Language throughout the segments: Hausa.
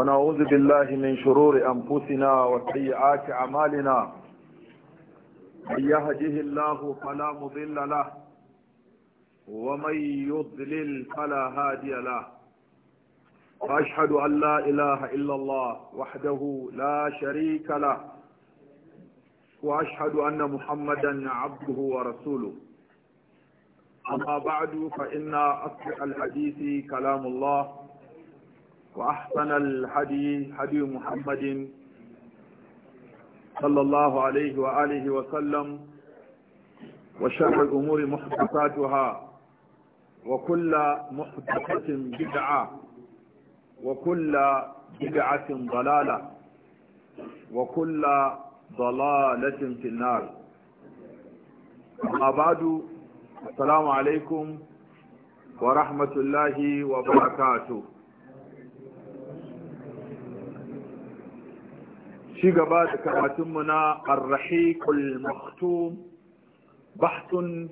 ونعوذ بالله من شرور أنفسنا وسيئات أعمالنا من يهده الله فلا مضل له ومن يضلل فلا هادي له وأشهد أن لا إله إلا الله وحده لا شريك له وأشهد أن محمدا عبده ورسوله أما بعد فإن اصبح الحديث كلام الله وأحسن الحديث حديث محمد صلى الله عليه وآله وسلم وشر الأمور محدثاتها وكل محدثة بدعة وكل بدعة ضلالة وكل ضلالة في النار أما بعد السلام عليكم ورحمة الله وبركاته ci gaba da karatunmu na arrahiqul maktum bahtun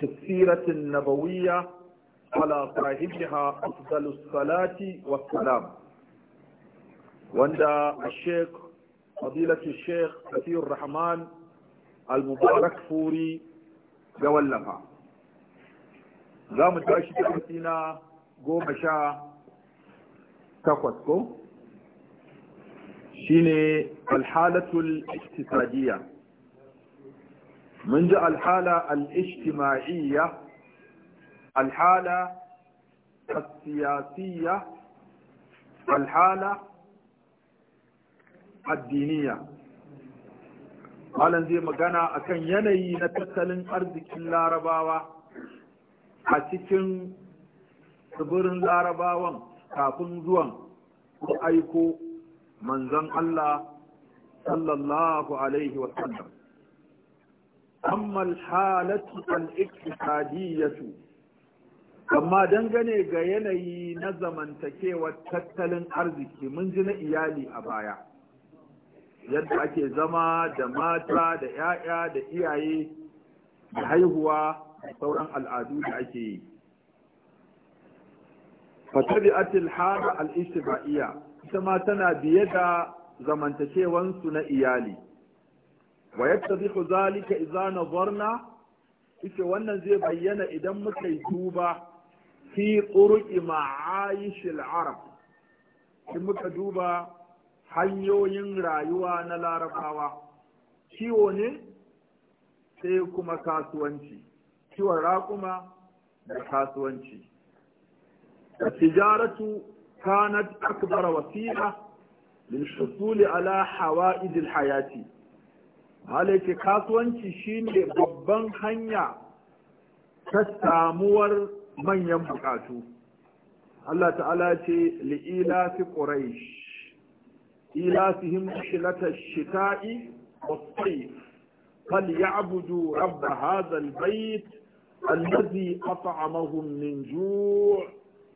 tasiratin nabawiyya ala sahibiha afdalus salati salam wanda a sheikh fadilatu sheikh kathir rahman al-mubarak furi ga wallafa za mu tashi karfi na goma sha takwas ko shine alhalatul iktisadiyya mun ji alhala al-ijtima'iyya alhala السياسية alhala addiniya. malam zai magana akan yanayi na tattalin arzikin larabawa a cikin tsibirin larabawan kafin zuwan ko aiko manzon Allah sallallahu alaihi wa sallam amma halatu al iktisadiyatu amma dangane ga yanayi na zamantakewar tattalin arziki mun ji na iyali a baya yadda ake zama da mata da 'ya'ya da iyaye da haihuwa da sauran al'adu da ake yi fatabi'atil hada al-ishtibaiya ita ma tana biye da zamantakewansu na iyali wa yattabiqu zalika idza nazarna ita wannan zai bayyana idan muka yi duba fi turuqi ma'ayishil arab in muka duba hanyoyin rayuwa na larabawa ciwo ne sai kuma kasuwanci ciwon raƙuma da kasuwanci tijaratu كانت أكبر وسيلة للحصول على حوائد الحياة عليك كاسوانتي شيني ببان هنيا تستعمور من ينبقاتو الله تعالى لإيلاف قريش إيلافهم رحلة الشتاء والصيف فليعبدوا رب هذا البيت الذي أطعمهم من جوع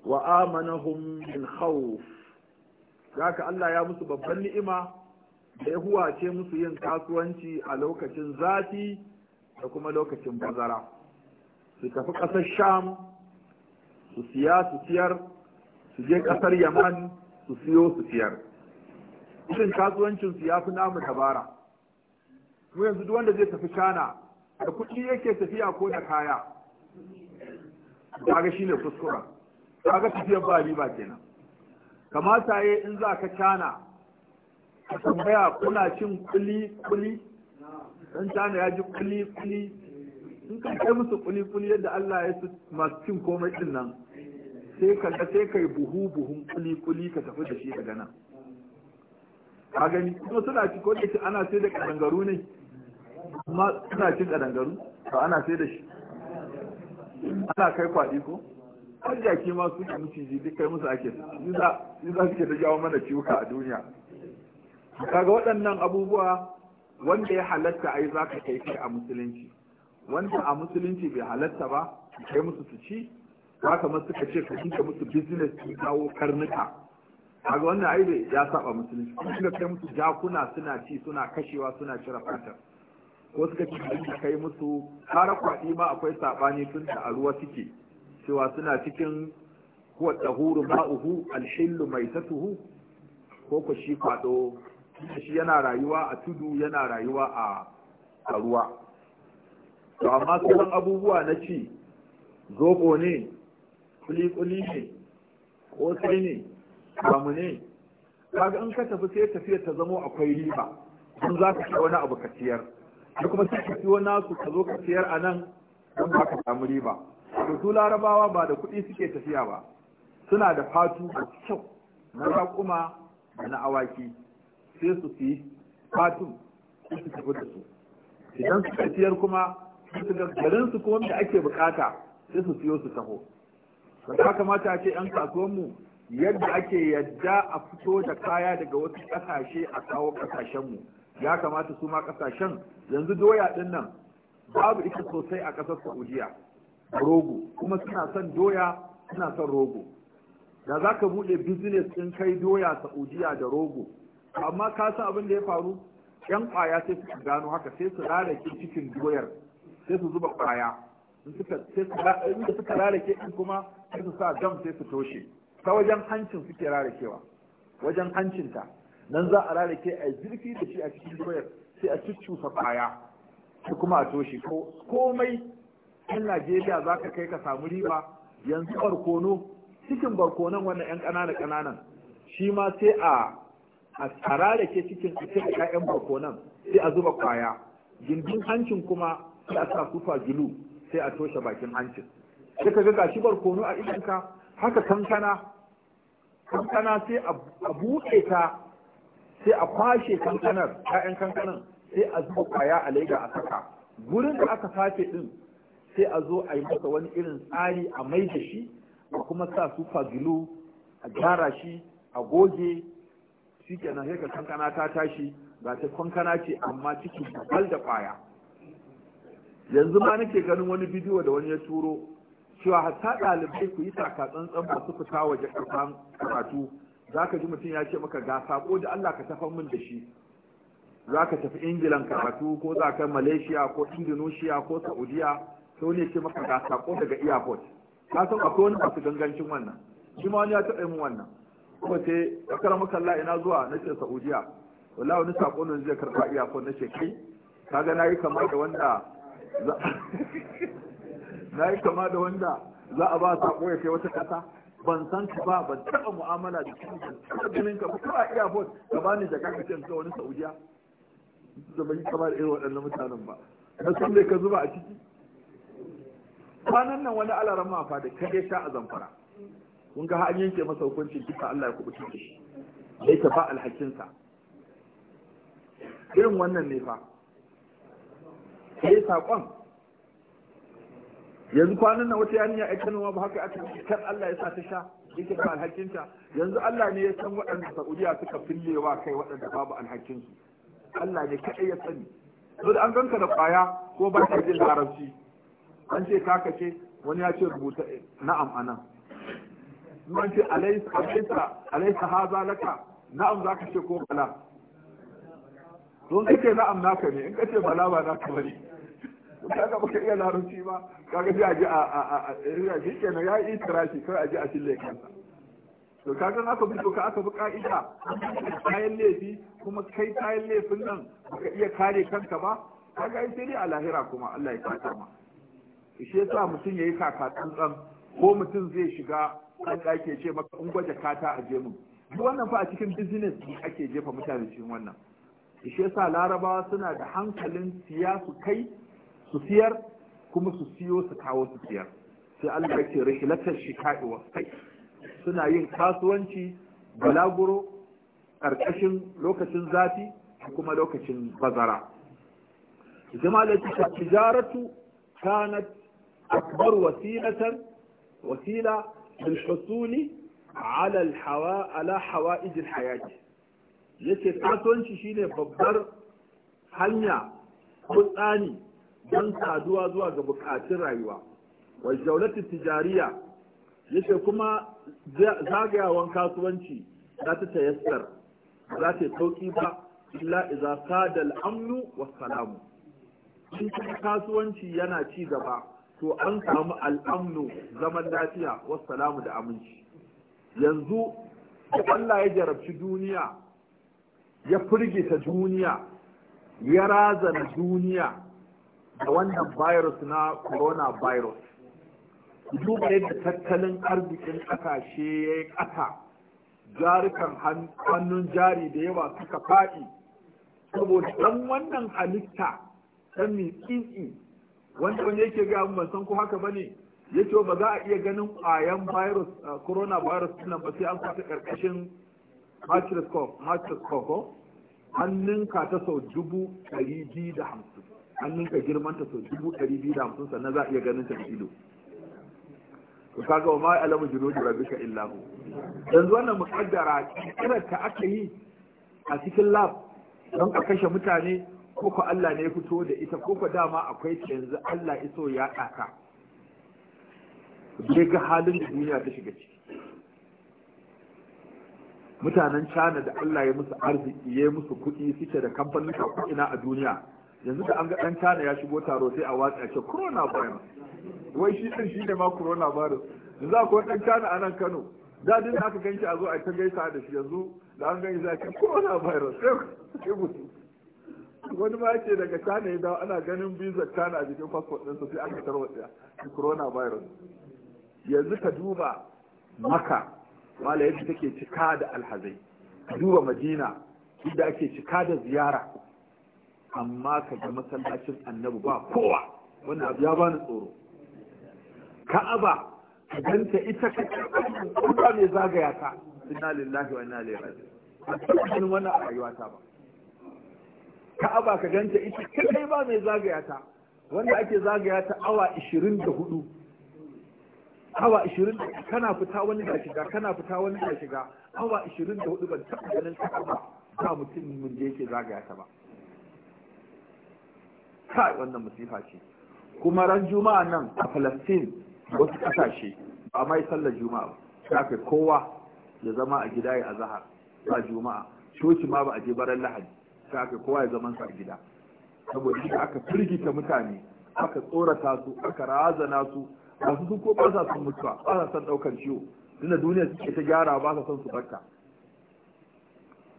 wa amanahum min khawf haka Allah ya musu babban ni'ima da ya huwace musu yin kasuwanci a lokacin zafi da kuma lokacin bazara su tafi ƙasar sham su siya su siyar su je ƙasar yaman su siyo su siyar irin kasuwancinsu ya fi namu dabara mu yanzu duk wanda zai tafi kana, da kuɗi yake tafiya ko da kaya ba ga shine kuskura kaga tafiyar ba riba kenan kamata yi in za ka cana ka tambaya kuna cin kuli kuli dan cana ya ji kuli kuli in ka kai musu kuli kuli yadda Allah ya su masu cin komai din nan sai ka ga sai kai buhu buhun kuli kuli ka tafi da shi daga nan ka gani kuma suna ci ko da ana sai da kadangaru ne amma suna cin kadangaru to ana sai da shi ana kai kwadi ko har jaki ma su ne miciji duk kai musu ake yi za suke da jawo mana ciwuka a duniya kaga waɗannan abubuwa wanda ya halatta yi za ka kai a musulunci wanda a musulunci bai halatta ba kai musu su ci ba kamar suka ce ka kinka musu business su kawo karnuka kaga wannan ai bai ya saba musulunci kuma suka kai musu jakuna suna ci suna kashewa suna cire fatar ko suka ce ka kai musu har kwaɗi ma akwai saɓani tun da a ruwa suke cewa suna cikin kuwa tsahuru ma'uhu alhillu tatuhu ko ku shi kwado shi yana rayuwa a tudu yana rayuwa a ruwa to amma sunan abubuwa na ci zobo ne kulikuli ne kosai ne samu ne kaga in ka tafi sai tafiya ta zamo akwai riba don za ka ci wani abu ka ciyar da kuma sai ka wani nasu ka zo ka ciyar a nan don ba ka samu riba to su larabawa ba da kuɗi suke tafiya ba suna da fatu da kyau na raƙuma da na awaki sai su fi fatun su su tafi da su idan su tafiyar kuma su ga garin su kuma da ake bukata sai su siyo su taho ba kamata a ce yan mu yadda ake yadda a fito da kaya daga wasu ƙasashe a kawo ƙasashenmu ya kamata su ma ƙasashen yanzu doya ɗin nan babu ita sosai a ƙasar saudiya rogo kuma suna son doya suna son rogo da za ka buɗe business ɗin kai doya saudiya da rogo amma ka sa abin da ya faru yan kwaya sai suka gano haka sai su lalace cikin doyar sai su zuba kwaya da suka lalace in kuma sai su sa dam sai su toshe ta wajen hancin suke lalacewa wajen hancinta nan za a lalace a zirfi da shi a cikin doyar sai a cuccusa kwaya sai kuma a toshe komai 'yan najeriya za ka kai ka samu riba yanzu barkono cikin barkonon wannan 'yan ƙanana ƙananan shi ma sai a a tsara da ke cikin cikin ƴan barkonan sai a zuba kwaya gindin hancin kuma sai a sa kufa gilu sai a toshe bakin hancin sai ka ga gashi barkono a idanka haka kankana kankana sai a buɗe ta sai a kwashe kankanar ƴan kankanan sai a zuba kwaya a leda a saka gurin da aka sace din sai a zo a yi masa wani irin tsari a mai da shi a kuma sa su fagilu a gyara shi a goge shi kenan sai ka kankana ta tashi ga ta kankana ce amma ciki bal da kwaya yanzu ma nake ganin wani bidiyo da wani ya turo cewa hatta ɗalibai ku yi ba masu fita waje kafan karatu za ka ji mutum ya ce maka ga sako da Allah ka tafa min da shi za ka tafi ingilan karatu ko za ka malaysia ko indonesia ko saudiya sai wani ce maka ga sako daga airport ka san akwai wani masu gangancin wannan shi ma wani ya taɓa min wannan kuma sai maka Allah ina zuwa na ce saudiya wallahi wani sako ne zai karɓa airport na ce kai kaga na yi kama da wanda nayi kama da wanda za a ba sako ya kai wata ƙasa ban san ka ba ban taɓa mu'amala da kai ban taɓa ganin ka ba a airport ka bani da kaka ce wani saudiya da ban yi kama da irin waɗannan mutanen ba na san me ka zuba a ciki kwanan nan wani alaran fa da kade sha a zamfara kun ga an yanke masa hukuncin kisa Allah ya kubuta shi sai ta alhakin alhakinsa irin wannan ne fa sai saƙon yanzu kwanan nan wata yaniya a nuna ba haka aka kan Allah ya sa ta sha yake ba alhakinta yanzu Allah ne ya san waɗanda Saudiya suka fillewa kai waɗanda babu alhakinsu Allah ne kaɗai ya sani saboda an ganka da ƙwaya ko ba ka jin larabci an ce kaka ce wani ya ce rubuta na'am anan an ce alaisa alaisa haza laka na'am ka ce ko bala don kake na'am naka ne in ce bala ba naka bane kaga baka iya larabci ba kaga sai a ji a a a a eh, shi kenan ya yi tirashi kai a ji a shille kansa to kaga aka bi ka aka bi ka'ida kayan laifi kuma kai kayan laifin nan baka iya kare kanka ba kaga sai dai a lahira kuma Allah ya kata ma shi yasa mutum yayi kaka tsantsan ko mutum zai shiga kan ke ce maka in gwaje kata a je mun wannan fa a cikin business ne ake jefa mutane cikin wannan shi yasa larabawa suna da hankalin siya su kai su siyar kuma su siyo su kawo su siyar sai Allah yake rihlatar shika'i wa sai suna yin kasuwanci balaguro ƙarƙashin lokacin zafi kuma lokacin bazara jama'a da tijaratu kanat أكبر وسيلة وسيلة للحصول على الحواء على حوائج الحياة yake kasuwanci shine babbar hanya ko don saduwa zuwa ga bukatun rayuwa wal jawlatu tijariya Yace kuma zagayawan kasuwanci za ta tayassar za ta sauki ba illa idza sada al-amnu was salamu kasuwanci yana ci gaba to an samu al'amnu zaman lafiya salamu da aminci yanzu Allah ya jarabci duniya ya firgita duniya ya razana duniya da wannan virus na corona coronavirus duba yadda tattalin arzikin ƙasashe ya yi ƙasa jarukan hannun jari da yawa suka faɗi saboda ɗan wannan halitta ɗan mai tsitsi wanda wani yake ga mun ban san ko haka bane yake ba za a iya ganin ƙwayan virus corona virus nan ba sai an kwata karkashin microscope microscope ko ka ta sau dubu ɗari biyu da hamsin hannunka girman ta sau dubu ɗari biyu da hamsin sannan za a iya ganin ta da ido to kaga wa ma alamu junudi rabbika illa yanzu wannan muƙaddara kiran ta aka yi a cikin lab don a kashe mutane Koko Allah ne ya fito da ita koko dama akwai ta yanzu Allah iso ya ɗaka ke ga halin da duniya ta shiga ciki mutanen Cana da Allah ya musu arziki ya musu kuɗi suke da kamfanin ina a duniya yanzu da an ga ɗan Cana ya shigo taro sai a watsa ce virus. wai shi ɗin shi ne ma virus? yanzu akwai ɗan Cana a nan Kano dadin da aka ganci a zo a ta gaisa da shi yanzu da an gani za a corona virus, sai mutu wani ma ce daga China ya dawo ana ganin visa China a jikin passport ɗinsa sai aka corona coronavirus yanzu ka duba maka wala yadda take cika da alhazai ka duba madina inda ake cika da ziyara amma ka ga masallacin annabi ba kowa wani abu ya bani tsoro ka'aba ka ganta ita ka kuma mai zagaya ka inna lillahi wa inna ilaihi raji'un a cikin wannan ta ba ka'aba ka ganta ita kai ba mai zagaya ta wanda ake zagaya ta awa 24 awa 20 kana fita wani da shiga kana fita wani da shiga awa 24 ban taɓa ganin ka'aba ba mutum mun je yake zagaya ta ba kai wannan musifa ce kuma ran juma'a nan a Palestine wasu kasashe ba mai sallar juma'a ba kai kowa ya zama a gida ya zahar ba juma'a coci ma ba a je baran lahadi sai kowa ya zaman sa gida saboda shi aka firgita mutane aka tsorata su aka razana su masu su ko ba sa son mutuwa ba sa son ɗaukar ciwo tunda duniya suke ta gyara ba sa son su barka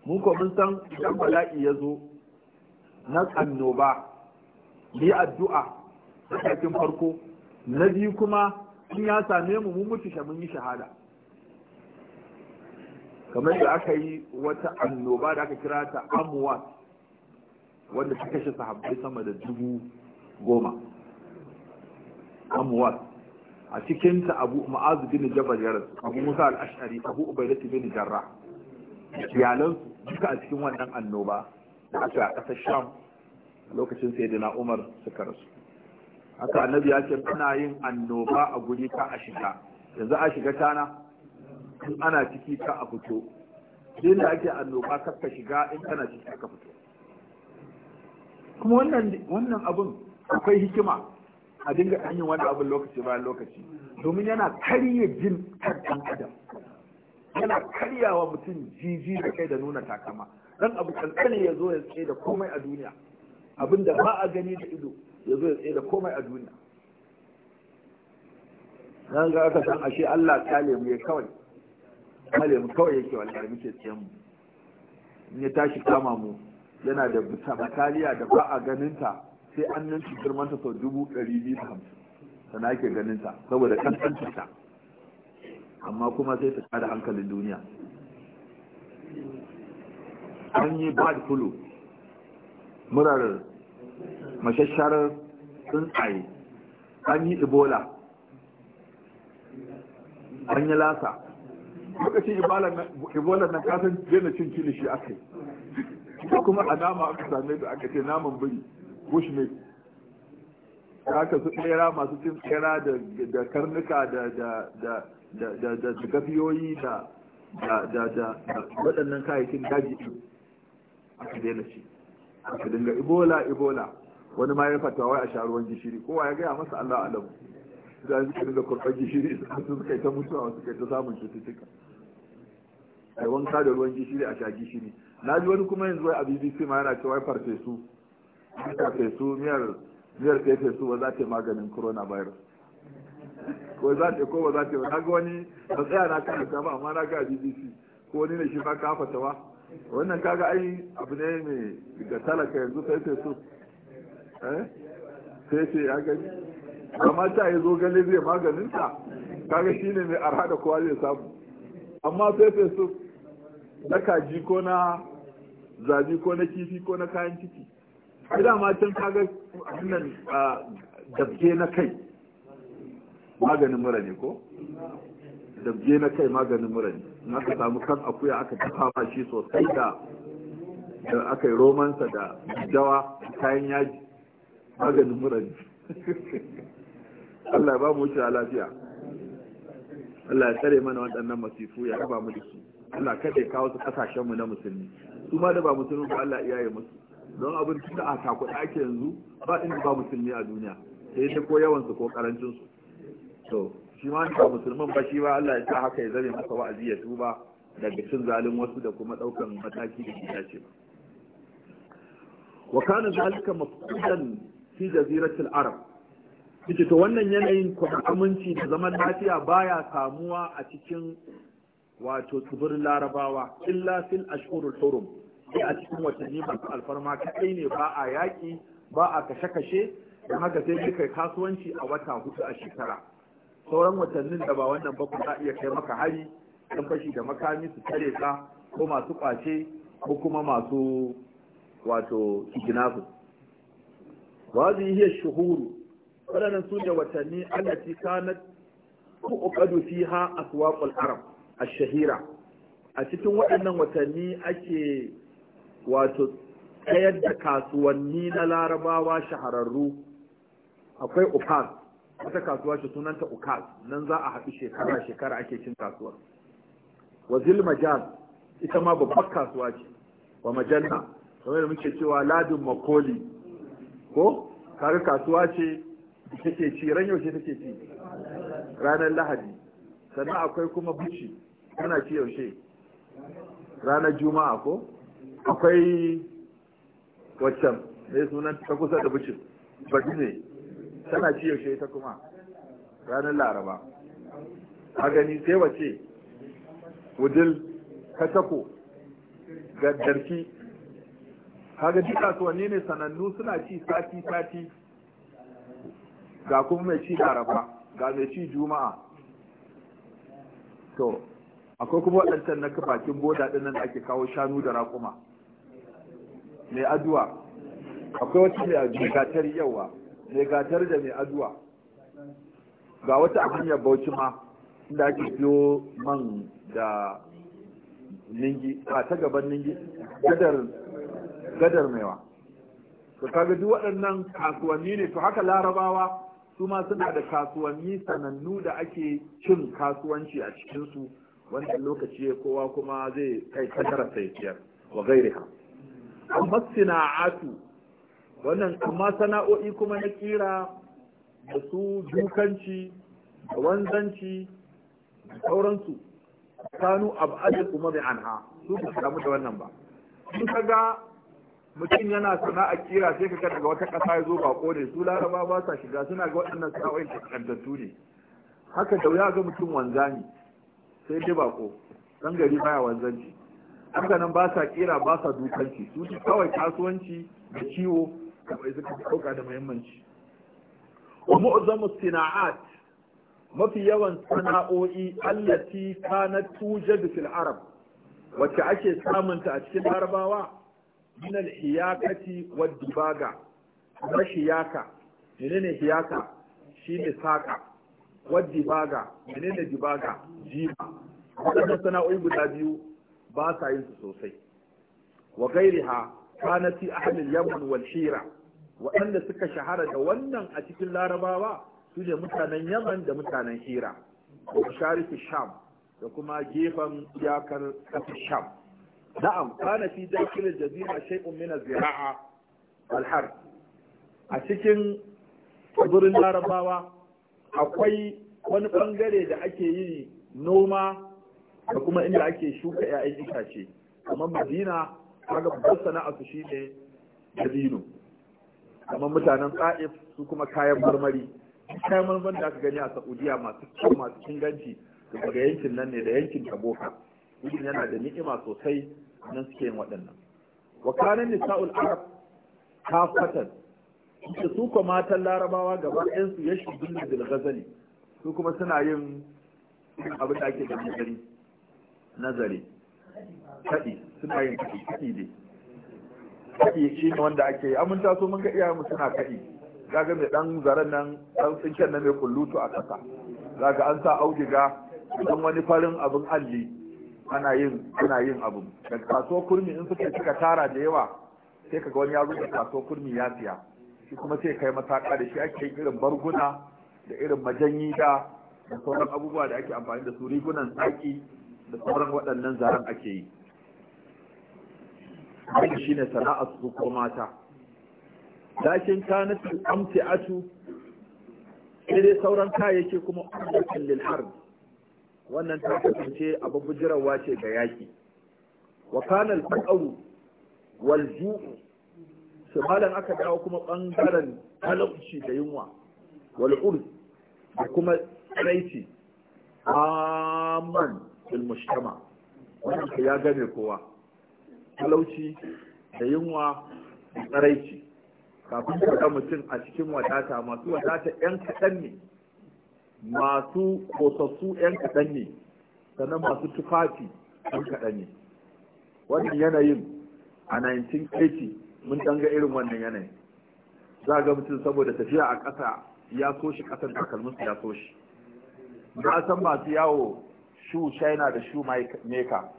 mu ko mun san idan bala'i ya zo na annoba yi addu'a a cikin farko na biyu kuma in ya same mu mun mutu mun yi shahada kamar da aka yi wata annoba da aka kira ta amuwat wanda ta kashe sahabbai sama da dubu goma amuwat a cikinta abu ma'azu bin jabal ya abu musa al abu ubaidatu bin jarra. iyalansu duka a cikin wannan annoba da aka a ƙasar sham lokacin sayyidina umar suka rasu haka annabi ya ce muna yin annoba a guri ka a shiga yanzu a shiga tana in ana ciki ka a fito duk da ake annoba kar ka shiga in kana ciki ka fito kuma wannan wannan abun akwai hikima a dinga ɗan yin wani abin lokaci bayan lokaci domin yana karya jin kan ɗan adam yana karyawa mutum jiji da kai da nuna takama dan abu kankane ya zo ya tsaye da komai a duniya abin da ba a gani da ido ya zo ya tsaye da komai a duniya nan ga aka san ashe Allah ta lemu ya kawai kale mu kawai yake wallahi muke tsayen mu in ya tashi kama mu yana da makaliya da ba a ganinta sai an nan girmanta sau dubu ɗari biyu da hamsin sana ake ganinta saboda kankancin ta amma kuma sai ta kada hankalin duniya an yi bad fulu murar mashasharar tsuntsaye an yi ebola an yi lasa lokacin ibola na kasan daina cin kilishi aka yi ko kuma a nama aka same da aka ce naman biri bush ne haka su tsera masu cin tsera da karnuka da da gafiyoyi da waɗannan kayayyakin daji ɗin aka daina ci aka dinga ibola ibola wani ma ya fatawa a sharuwan gishiri kowa ya gaya masa allah alamu da suka dinga kurɓar gishiri su suka yi ta mutuwa suka yi ta samun cututtuka ai wanka da ruwan gishiri a sha gishiri na ji wani kuma yanzu wai a bbc ma yana cewa farfesu farfesu miyar miyar fefe su ba za ta yi maganin coronavirus ko za ta ko ba za ta yi na ga wani ba tsaya na ta ba amma na ga bbc ko wani ne shi ma ka fata ba wannan kaga ai abu ne ne ga talaka yanzu fefe su eh sai ya gani amma ta yi zo gani zai maganinsa kaga shine mai arha da kowa zai samu amma fefe su na kaji ko na zabi ko na kifi ko na kayan ciki ina ma can kaga nan dabge na kai maganin mura ne ko dabge na kai maganin mura ne na ka samu kan akuya aka tafafa shi sosai da da aka yi romansa da dawa kayan yaji maganin mura ne Allah ya ba mu wuce lafiya Allah ya tsare mana waɗannan masifu ya raba mu da su Allah kada ya kawo su mu na musulmi su ma da ba musulmi ba Allah yi musu don abin tunda a takuɗa ake yanzu ba inda ba musulmi a duniya sai dai ko yawan su ko karancin su to shi ma ba musulman ba shi ba Allah ya sa haka ya zame masa wa'azi ya tuba daga cin zalim wasu da kuma ɗaukan mataki da ya ce ba wa kana zalika mafqudan fi jaziratil arab to wannan yanayin kuma aminci da zaman lafiya baya samuwa a cikin wato tsibirin larabawa illa fil ashhurul hurum sai a cikin watanni masu alfarma kaɗai ne ba a yaƙi ba a kashe-kashe don haka sai kai kasuwanci a wata hudu a shekara sauran watannin da ba wannan ba ku za iya kai maka hari don fashi da makami su tare ka ko masu kwace ko kuma masu wato kidnapping wa hiya shuhuru wadannan su ne watanni allati kanat tuqadu fiha aswaqul arab ashahira a cikin waɗannan watanni ake wato tsayar da kasuwanni na larabawa shahararru akwai ukas wata kasuwa ce sunanta ukas nan za a haɗu shekara-shekara ake cin kasuwar wazil majal ita ma babbar kasuwa ce wa majanna kamar da muke cewa ladin makoli ko kaga kasuwa ce take ci ran yaushe take ci ranar lahadi sannan akwai kuma buci yana ci yaushe ranar juma'a ko akwai waccan mai sunan ta kusa da bucin baki ne tana ci yaushe ta kuma ranar laraba a gani sai wace wudil katako gaddarki Haga duk kasuwanni ne sanannu suna ci sati sati ga kuma mai ci laraba ga mai ci juma'a to akwai kuma waɗancan na bakin boda ɗin nan da ake kawo shanu da raƙuma mai aduwa akwai wata mai gatar yawa mai gatar da mai aduwa ga wata a hanyar bauchi ma inda ake biyo man da ningi a ta gaban ningi gadar gadar maiwa to kaga duk waɗannan kasuwanni ne to haka larabawa su ma suna da kasuwanni sanannu da ake cin kasuwanci a cikinsu wannan lokaci kowa kuma zai kai kadara sai ciyar wa ha? amma sana'atu wannan amma sana'o'i kuma na kira da su dukanci da wanzanci da sauransu kanu abadu kuma bi anha su ba samu da wannan ba in ga mutum yana sana'a kira sai ka daga wata ƙasa ya zo ba ne su laraba ba sa shiga suna ga waɗannan sana'o'in ƙaddatu ne haka da wuya ga mutum wanzani sai dai bako dan gari baya wanzanci haka nan ba sa kira ba sa dukanci su ci kawai kasuwanci da ciwo kamar suka ɗauka da muhimmanci wa mu'azzamu sina'at mafi yawan sana'o'i allati kanat tujad fil arab wacce ake samunta a cikin larabawa min al hiyakati wad dibaga na hiyaka menene hiyaka shine saka dibaga menene dibaga jima waɗannan sana'o'i guda biyu ba sa yin su sosai wa ha kana fi ahlil yaman wal hira waɗanda suka shahara da wannan a cikin larabawa su ne mutanen yaman da mutanen hira da sharifi sham da kuma gefen iyakar kafi sham na'am kana fi dakilin jazira shay'un min ziraa al a cikin tsibirin larabawa akwai wani bangare da ake yi noma da kuma inda ake shuka 'ya'yan itace kamar madina kaga babbar sana'a su shine dabino kamar mutanen ta'if su kuma kayan marmari kayan marmari da aka gani a saudiya masu kyau masu inganci daga yankin nan ne da yankin taboka wajen yana da ni'ima sosai nan suke yin waɗannan wakanin nisa'ul arab kafatan da su kuma matan larabawa gaba su ya shigin da bilgazali su kuma suna yin abin da ake da nazari nazari kaɗi suna yin kaɗi kaɗi ne kaɗi shi ne wanda ake yi amin taso mun ga iyayenmu suna kaɗi zaga mai ɗan zaren nan ɗan tsinken na mai kullutu a ƙasa zaga an sa auduga don wani farin abin alli ana yin ana yin abu daga kasuwar kurmi in suka cika tara da yawa sai kaga wani ya zo da kasuwar kurmi ya siya shi kuma sai kai masaka da shi ake irin barguna da irin majanyi da sauran abubuwa da ake amfani da su rigunan tsaki da sauran waɗannan zaren ake yi shi ne sana'ar su ko mata lakin kanatul amti'atu sai dai sauran kayayyaki kuma ummatin lil harb wannan ta kasance abin bujirawa ce ga yaki wa kana al wal ju'u to malam aka dawo kuma bangaren talauci da yunwa walul da kuma tsaici aman fil mujtama wannan ya gane kowa talauci da yunwa da tsaraici kafin ka ga mutum a cikin wadata masu wadata yan kaɗan ne masu kosassu yan kaɗan ne sannan masu tufafi yan kaɗan ne wannan yanayin a 1980 mun danga irin wannan yanayi za ga mutum saboda tafiya a ƙasa ya so shi ƙasar ya so shi na san masu yawo shu china da shu meka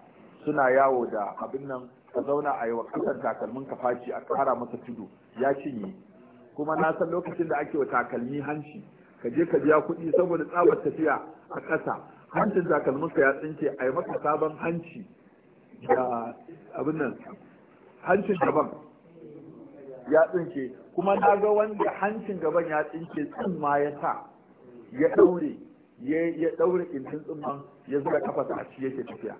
suna yawo da abin nan ka zauna a yi wa ƙasar takalmin ka faci a ƙara masa tudu ya cinye kuma na san lokacin da ake wa takalmi hanci ka je ka biya kuɗi saboda tsabar tafiya a ƙasa hancin takalmin ka ya tsinke a yi maka sabon hanci da abin nan hancin daban ya tsinke kuma na ga wanda hancin gaban ya tsinke tsin ma ya sa ya daure ya daure kintin tsimman ya zuba kafa a ci yake tafiya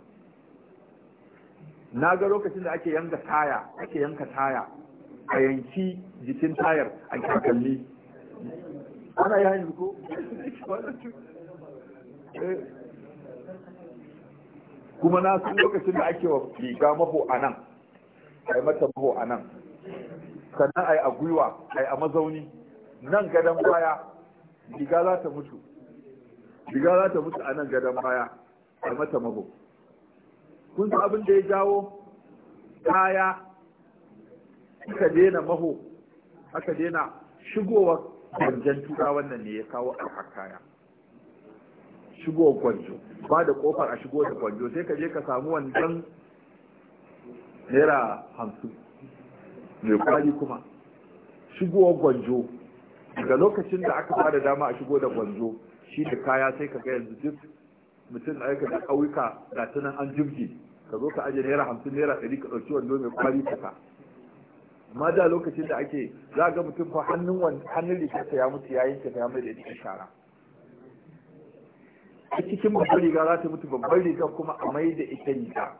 na ga lokacin da ake yanka taya ake yanka taya a yanki jikin tayar a kakalli ana yi hanyar ko eh. kuma na san lokacin da ake wa riga maho a nan a yi mata maho a nan sannan ai a gwiwa ai a mazauni nan gadon baya riga za ta mutu riga za ta mutu a nan gadon baya a mata maho kun san abin da ya jawo kaya aka daina maho aka daina shigowa gwanjan tura wannan ne ya kawo a kaya shigowa gwanjo ba da kofar a shigo da gwanjo sai ka je ka samu wancan naira hamsin mai kwari kuma shigowar gwanjo daga lokacin da aka bada dama a shigo da gwanjo shi da kaya sai ka ga yanzu duk mutum aika da ƙauyuka da tunan an jirgi ka zo ka ajiye naira hamsin naira ɗari ka ɗauki wando mai kwari kasa amma da lokacin da ake za ga mutum ko hannun hannun ta ya mutu ya yanke ta ya mai da ita shara a cikin babbar riga za ta mutu babbar riga kuma a mai da ita riga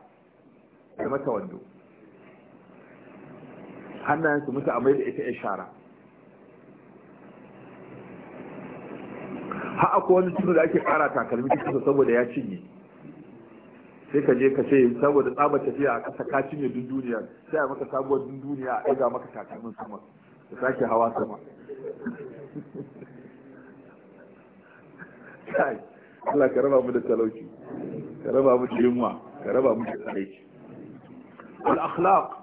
da mata wando hannayen su mutu a mai da ita ishara ha akwai wani tunu da ake kara takalmi su saboda ya cinye sai ka je ka ce saboda tsaba tafiya a ƙasa ka cinye dun duniya sai a maka sabuwar dun duniya a ɗaga maka takalmin sama da sake hawa sama Allah ka raba mu da talauci ka raba mu da yunwa ka raba mu da tsaraiki al akhlaq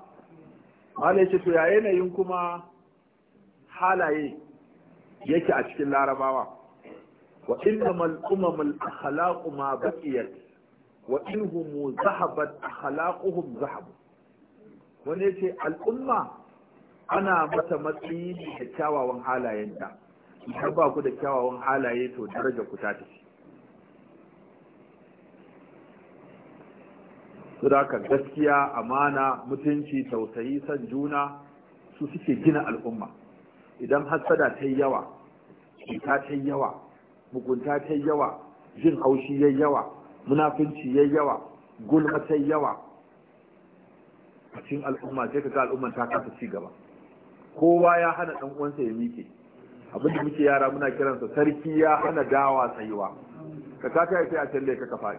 malai ce to ya yanayin kuma halaye yake a cikin larabawa wa innamal al akhlaq ma baqiyat wa inhum zahabat akhlaquhum zahab wani yace al'umma ana mata matsayi da kyawawan halayenta ba ku da kyawawan halaye to daraja ku ta tafi su da gaskiya amana mutunci tausayi san juna su suke gina al'umma idan hassada ta yawa cuta ta yawa mugunta ta yawa jin haushi ya yawa munafunci ya yawa gulma ta yawa a cikin al'umma sai ka ga al'umma ta kasa ci gaba kowa ya hana dan uwansa ya miƙe abin da muke yara muna kiransa sarki ya hana dawa tsayuwa ka ta kai sai a talle ka kafa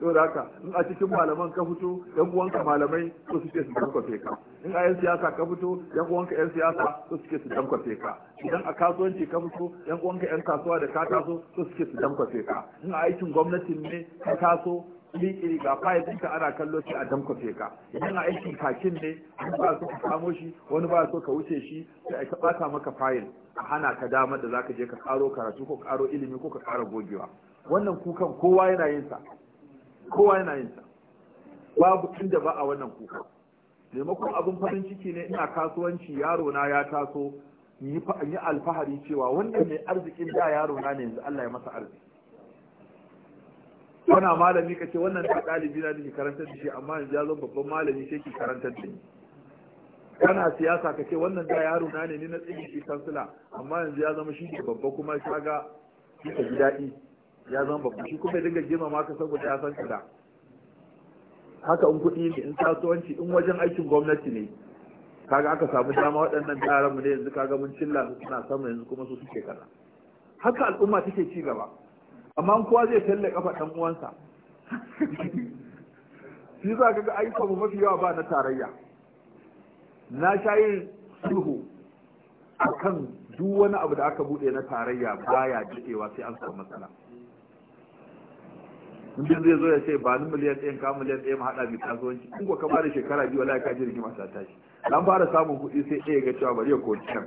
to da haka in a cikin malaman ka fito yan uwanka malamai to suke su dankwafe ka in a yan siyasa ka fito yan uwanka yan siyasa to suke su dankwafe ka idan a kasuwanci ka fito yan uwanka yan kasuwa da ka taso to suke su dankwafe ka in a aikin gwamnatin ne ka taso liƙiri ga fayil ɗinka ana kallo shi a dankwafe ka idan a aikin kakin ne wani ba so ka kamo shi wani ba so ka wuce shi sai ka ɓata maka fayil a hana ka damar da za ka je ka ƙaro karatu ko ƙaro ilimi ko ka ƙara gogewa wannan kukan kowa yana yin sa kowa yana yin sa babu inda ba a wannan kuka maimakon abin farin ciki ne ina kasuwanci yaro na ya taso yi alfahari cewa wannan mai arzikin da yaro na ne yanzu Allah ya masa arziki kana malami ka ce wannan da ɗalibi na nake karantar da shi amma yanzu ya zo babban malami sai ki karantar da ni kana siyasa ka ce wannan da yaro na ne ni na tsiri shi kansila amma yanzu ya zama shi ne babba kuma shaga ka ji daɗi ya zama babba shi kuma ya dinga girmama ka saboda ya san ka da haka in kuɗi ne in kasuwanci in wajen aikin gwamnati ne kaga aka samu dama waɗannan yaran mu ne yanzu kaga mun cilla su suna sama yanzu kuma su suke kaza haka al'umma take ci gaba amma in kowa zai talle kafa ɗan uwansa shi za ka ga ayyukan mu mafi yawa ba na tarayya na sha yin A akan duk wani abu da aka buɗe na tarayya baya daɗewa sai an samu matsala mutum zai zo ya ce ba ni miliyan ɗaya ka miliyan ɗaya mu haɗa mai kasuwanci in kuwa ka bada shekara biyu wala ka ji rigima ta tashi an fara samun kuɗi sai ɗaya ga cewa bari ya koci can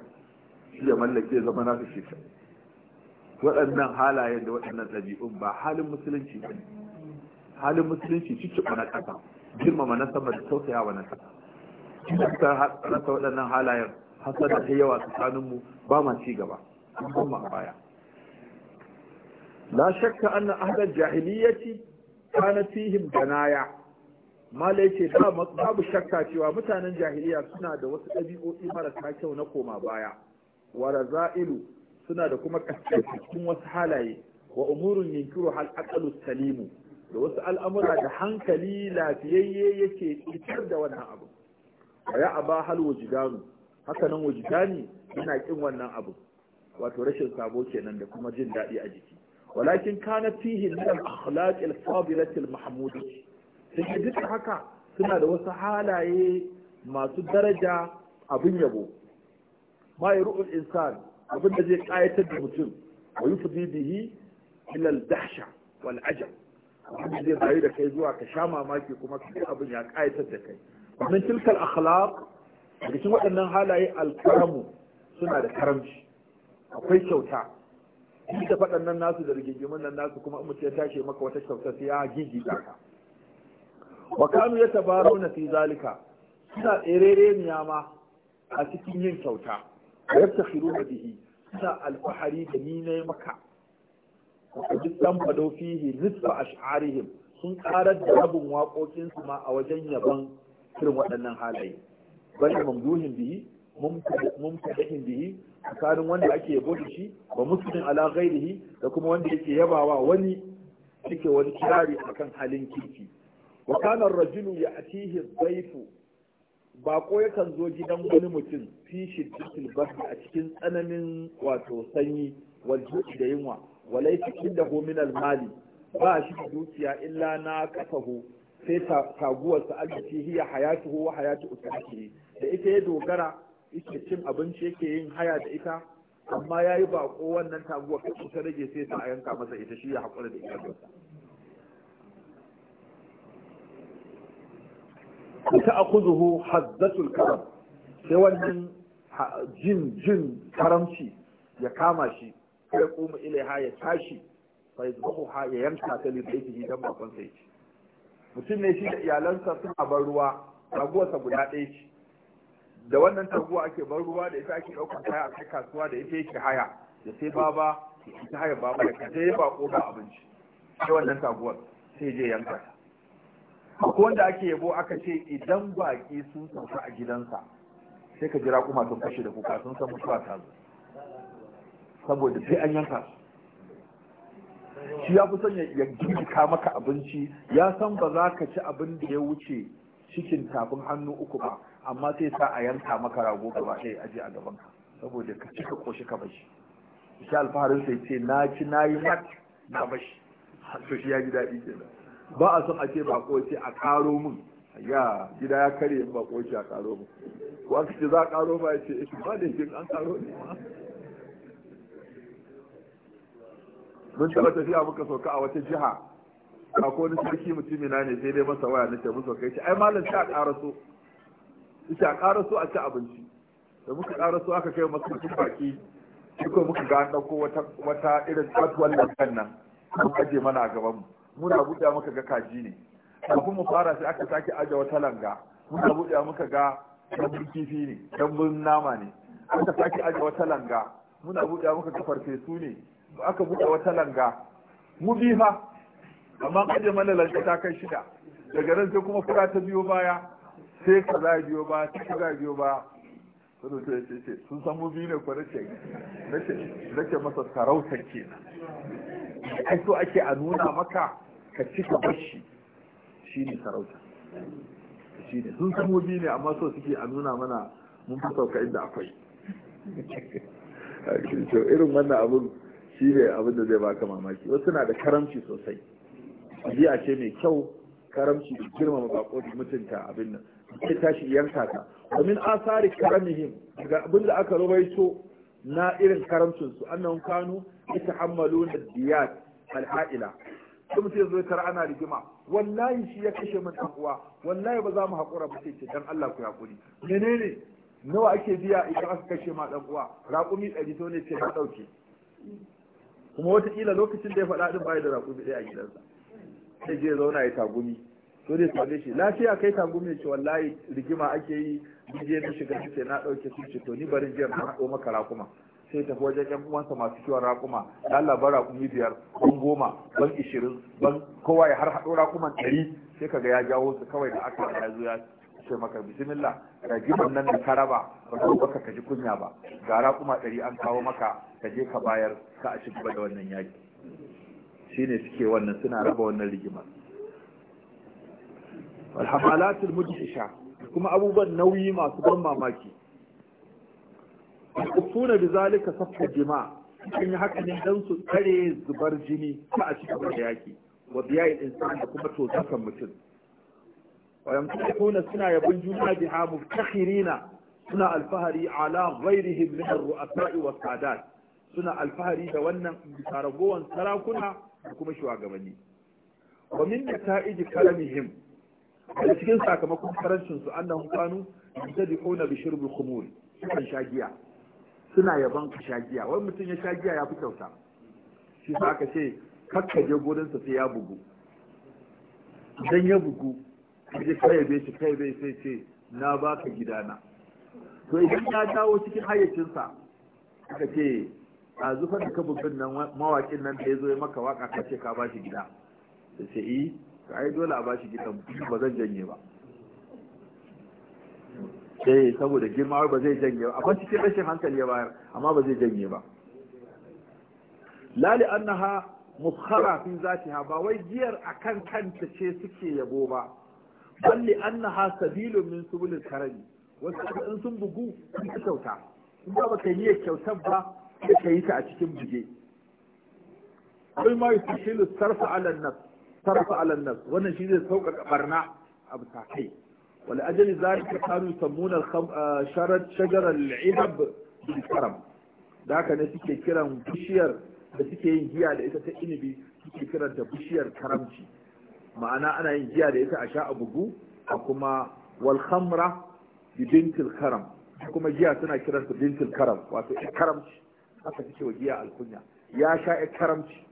shi ya mallake zama nasu shi can waɗannan halayen da waɗannan ɗabi'un ba halin musulunci ba ne halin musulunci cikin na ƙasa girmama na sama da tausaya wa na ƙasa cikin rasa waɗannan halayen da ta yawa tsakaninmu ba ma ci gaba an ba a baya la shakka anna ahlal jahiliyyati kana fihim ganaya mala yace babu shakka cewa mutanen jahiliya suna da wasu ɗabi'o'i marasa kyau na koma baya wa suna da kuma cikin wasu halaye wa umurin yunkiru hal aqalu salimu da wasu al'amura da hankali lafiyayye yake fitar da wannan abu ya aba hal wujidanu haka nan wujidani yana kin wannan abu wato rashin sabo kenan da kuma jin daɗi a jiki walakin kana fihi min al-akhlaq al-fadila al-mahmuda sai duk haka suna da wasu halaye masu daraja abin yabo ma yaru'u al-insan abin da zai kayatar da mutum wa yufdi bihi ila al-dahsha wal ajab abin zai rayu da kai zuwa ka sha mamaki kuma kai abin ya kayatar da kai min tilkal akhlaq daga cikin waɗannan halaye al-karamu suna da karamci akwai kyauta ita faɗan nan nasu da rigingimin nan nasu kuma mutum ya tashi maka wata kyauta sai ya gigita ka wa kanu ya tabaro na fi zalika suna tsere ma a cikin yin kyauta shiru yaftakhiru bihi suna alfahari da ni ne maka wa duk ɗan fado fihi a sha'arihim sun ƙarar da rabin waƙoƙinsu ma a wajen yaban irin waɗannan halaye bal mamduhin bihi mumtadahin bihi tsakanin wanda ake yabo da shi wa muslimin ala ghairihi da kuma wanda yake yabawa wani cike wani kirari akan halin kirki wa kana ar-rajulu ya'tihi dhaifu bako yakan zo gidan wani mutum fi shiddatil bardi a cikin tsananin wato sanyi wal da yunwa walaysa indahu min al-mali ba shi da dukiya illa na kafahu sai taguwarsa alati hiya hayatuhu wa hayatu usrihi da ita ya dogara yake cin abinci yake yin haya da ita amma ya yi bako wannan taguwa ta rage sai ta yanka masa ita shi ya haƙura da iyalinsa ta akuzuhu hazzatul karam sai wannan jin jin karamci ya kama shi ya kuma ilaiha ya tashi fa ha ya yanka ta li baitihi dan bakon sai mutum ne shi da iyalansa suna ban ruwa sa guda ɗaya ce da wannan taguwa ake bar ruwa da ita ake ɗaukar kaya a kai kasuwa da ita yake haya da sai baba ita haya baba da kai sai ko ba abinci sai wannan taguwar sai je yanka ta akwai wanda ake yabo aka ce idan baki sun sauka a gidansa sai ka jira kuma sun kashe da kuka sun san mutuwa ta zo saboda sai an yanka su shi ya fi son ya jinka maka abinci ya san ba za ka ci abin da ya wuce cikin tafin hannu uku ba amma sai sa a yanka maka rago gaba ɗaya aje a gaban ka saboda ka cika koshi ka bashi shi alfaharin sai ce na ci na yi mat na bashi to shi ya ji daɗi kenan ba a son a ce ba ko ce a karo min ya gida ya kare in ba ko ce a karo min ko aka ce za a karo ba ya ce eh, ba da yake an karo ne ma mun taɓa tafiya muka sauka a wata jiha a ko wani sarki mutumina ne sai dai masa waya na ce musu kai ce ai malam ta a so yace a ƙara so a ci abinci da muka ƙara so aka kai mutum baki shi ko muka ga ɗauko wata wata irin katuwar lantan nan kuma aje mana a gaban mu muna buɗe muka ga kaji ne kafin mu fara sai aka sake aje wata langa muna buɗe muka ga dambun kifi ne dambun nama ne aka sake aje wata langa muna buɗe muka ga farfesu ne aka buɗe wata langa mu bi fa amma aje mana langa ta kai shida daga nan sai kuma fura ta biyo baya sai ka za biyo ba sai ka za biyo ba sun ce ce ce sun san mu biyu ne ko nace nace masa sarautar kenan ai so ake a nuna maka ka ci ka bashi ne sarauta ne sun san mu biyu ne amma so suke a nuna mana mun fi sauka inda akwai irin wannan abun shi ne abin da zai baka mamaki wasu na da karamci sosai a ce mai kyau karamci girmama bako da mutunta abin nan sai tashi yanka ka domin asari karamihim daga abin da aka rubaito na irin karamcin su annan kanu yatahammaluna diyat alha'ila kuma sai zai tara ana rigima wallahi shi ya kashe min dan uwa wallahi ba za mu hakura ba sai ce dan Allah ku hakuri menene nawa ake biya idan aka kashe ma dan uwa raƙumi ɗari to ne ce na ɗauke kuma kila lokacin da ya faɗa din bai da raƙumi ɗaya a gidansa sai je zauna ya tagumi to dai same shi lafiya kai ta gume ce wallahi rigima ake yi bije na shiga sai na dauke su ce to ni barin jiya na ko maka rakuma sai tafi wajen yan uwansa masu kiwon rakuma lalla ban rakumi biyar ban goma ban ishirin ban kowa ya har hado rakuman ɗari sai kaga ya jawo su kawai da aka ya zo ya ce maka bismillah ragiman nan da ka raba ba ka baka ka ji kunya ba ga rakuma ɗari an kawo maka ka je ka bayar ka a shiga da wannan yaki shine suke wannan suna raba wannan rigima. walhafalatul mujisha kuma abubuwan nauyi masu ban mamaki kufuna da zalika safa jima sun yi haka ne don su tsare zubar jini ta a cikin da yaki wa biyayi insan da kuma tozakan mutum wayan kuna suna yabon juna biha muftakhirina suna alfahari ala ghairihim min ar-ru'asa'i wa sadat suna alfahari da wannan bisaragowan sarakuna da kuma shugabanni wa min nata'ij muhim. da cikin sakamakon karancin su annahum kanu yaddiquna bi shirbu khumur sukan shagiya suna yaban ka shagiya wani mutum ya shagiya ya fi kyauta shi sa aka ce kakka je gurin sa sai ya bugu idan ya bugu kaje kai be shi kai be sai ce na baka gidana to idan ya dawo cikin hayyacinsa aka ce a zufar da kabubin nan mawakin nan da ya zo ya maka waka ka ce ka ba gida da ka ai dole a bashi gidan ba zan janye ba eh saboda girma ba zai janye ba a cikin rashin hankali ya bayar amma ba zai janye ba lali annaha mukhara fi zatiha ba wai giyar akan kanta ce suke yabo ba balli annaha sabilun min subulil karami wasu in sun bugu sun ci kyauta in ba ka yi kyautar ba sai ka yi ta a cikin buge kai ma yushilu sarfa ala nafs sarfa ala nas wannan shi zai sauƙaƙa barna a bisa kai wal ajali zalika kanu samuna sharat shajarar al'ibab bil karam da haka ne suke kiran bishiyar da suke yin giya da ita ta inibi suke kiran kiranta bishiyar karamci ma'ana ana yin giya da ita a sha abubu a kuma wal khamra bi bintil karam kuma giya suna kiranta bintil karam wato ya karamci haka suke wa giya alkunya ya sha ya karamci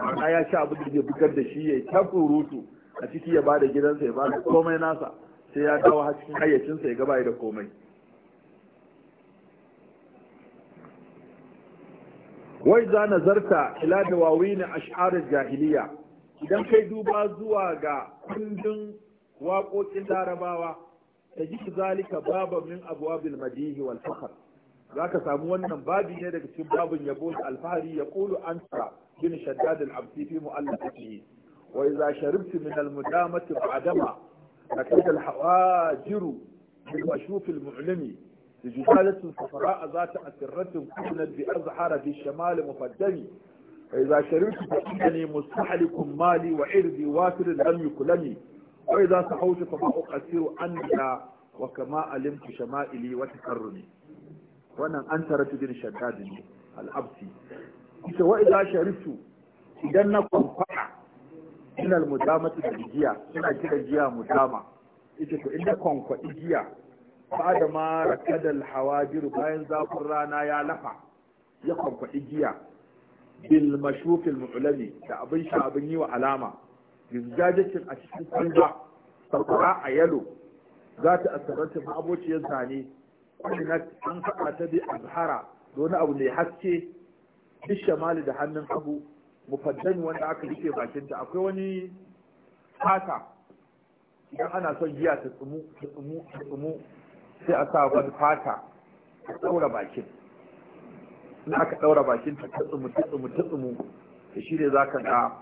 amma ya sha abin da ke fitar da shi ya ta furutu a ciki ya bada gidansa ya bada komai nasa sai ya dawo har cikin hayyacinsa ya gaba da komai wai za nazarta ila da wawi a ash'arar jahiliya idan kai duba zuwa ga kundin waƙoƙin larabawa ta ji zalika baba min abuwabil madihi wal za ka samu wannan babi ne daga cikin babin yabo da alfahari ya ƙulu an بن شداد العبدي في مؤلفته وإذا شربت من المدامة بعدما لقد الحواجر بالمشروف المعلم لجبالة صفراء ذات أسرة كنت بأزحر في الشمال مفدمي فإذا شربت فإنني مستحلك مالي وعرضي وافر لم يكلمي وإذا صحوت فما أقصر عنك وكما علمت شمائلي وتكرمي وأنا أنت رتب شداد الأبسي ita wa idza sharitu idan na kwamfada ina almudamatu da jiya ina kira jiya mudama ita to inda kwankwadi jiya ba da ma rakadal bayan zafin rana ya lafa ya kwamfadi jiya bil mashrufil mu'lami da abin sha abin yi wa alama gizgajacin a cikin kwalba sarkara a yalo za ta asararta ma'abociyar zane kwaninat an faɗa ta bi azhara da wani abu mai haske bishamali da hannun abu mufaddan wanda aka rike bakinta akwai wani fata idan ana son giya ta tsumu ta tsumu ta tsumu sai a sa wani fata ta daura bakin in aka daura bakin ta tsumu ta tsumu ta tsumu da shi ne za ka ga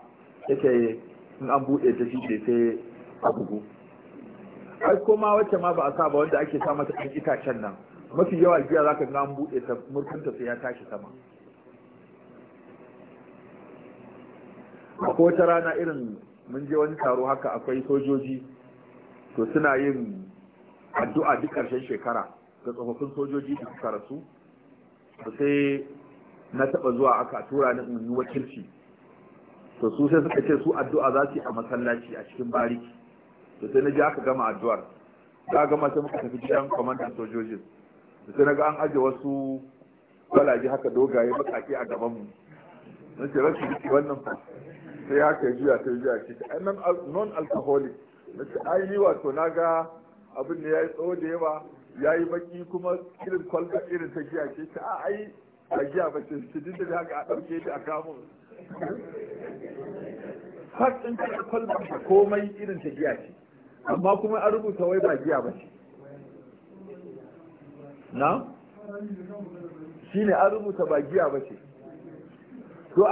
yake in an buɗe ta shi ne sai a bugu ai koma wacce ma ba a sa ba wanda ake sa mata ɗan itacen nan mafi yawa giya ka ga an buɗe ta murkunta sai ya tashi sama ko ta rana irin mun je wani taro haka akwai sojoji to suna yin addu'a duk karshen shekara ga tsofaffin sojoji da suka rasu to sai na taɓa zuwa aka tura ni in yi wakilci to su sai suka ce su addu'a za su yi a masallaci a cikin bariki to sai na je aka gama addu'ar za a gama sai muka tafi gidan kwamandan sojojin to sai na ga an aje wasu kwalaje haka dogaye bakake a gaban mu na ce rashin wannan fa sai haka ya juya sai juya ce ta non alcoholic na ce ai ni wato na ga abin da ya yi tsawo da yawa ya yi baki kuma irin kwalba irin ta giya ce ta a ai a giya ba ce su duk da haka a ɗauke ta a kamo har in ka kwalba ta komai irin ta giya ce amma kuma a rubuta wai ba giya ba ce na shi ne a rubuta ba giya ba ce to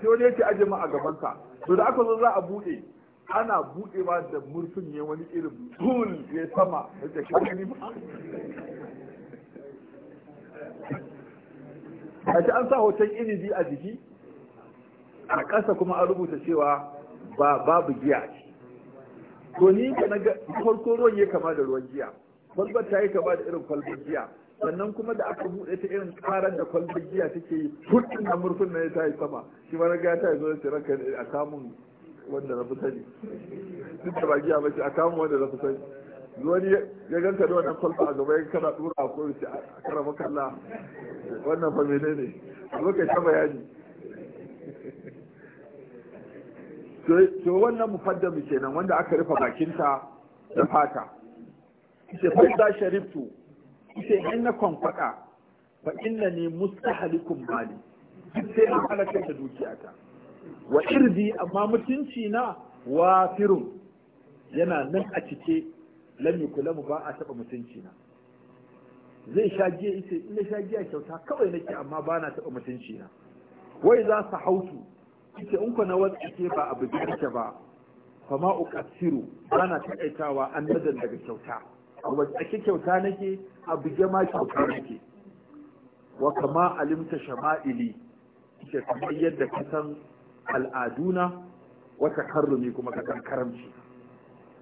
sai wani yake aje ma a gabanka to da aka zo za a buɗe ana buɗewa da murfin ne wani irin tul ya sama da shakani ba a ci an sa hoton inibi a jiki a ƙasa kuma an rubuta cewa ba babu giya ce to ni ka na farko ruwan ya kama da ruwan giya kwalbar ta yi kama da irin kwalbar giya sannan kuma da aka buɗe ta irin karar da kwalbar giya take yi hutun na murfin na ya ta yi sama shi ma riga ta zo ta raka a samun wanda na fi sani duk da ba giya ba ce a samun wanda na fi sani wani ya ganka da wannan kwalba a gaba ya kana a ko shi a kara makalla wannan fa menene a lokacin ta bayani to wannan mufaddamu kenan wanda aka rufe bakinta da fata ce fa sharibtu ita in na kwankwaka fa inna ne bali duk sai an halakar da dukiyata wa irdi amma mutunci na wafirun yana nan a cike kula mu ba a taba mutunci na zai sha giya ita in sha giya kyauta kawai nake amma ba na taba mutunci na wai za su hautu ita in ku na ke ba abu da ba fama uqassiru bana taƙaitawa an daga kyauta a ake kyauta nake a buge ma kyauta nake wa kama alimta shama'ili ke kamar yadda ka san al'aduna wata karrumi kuma ka san karamci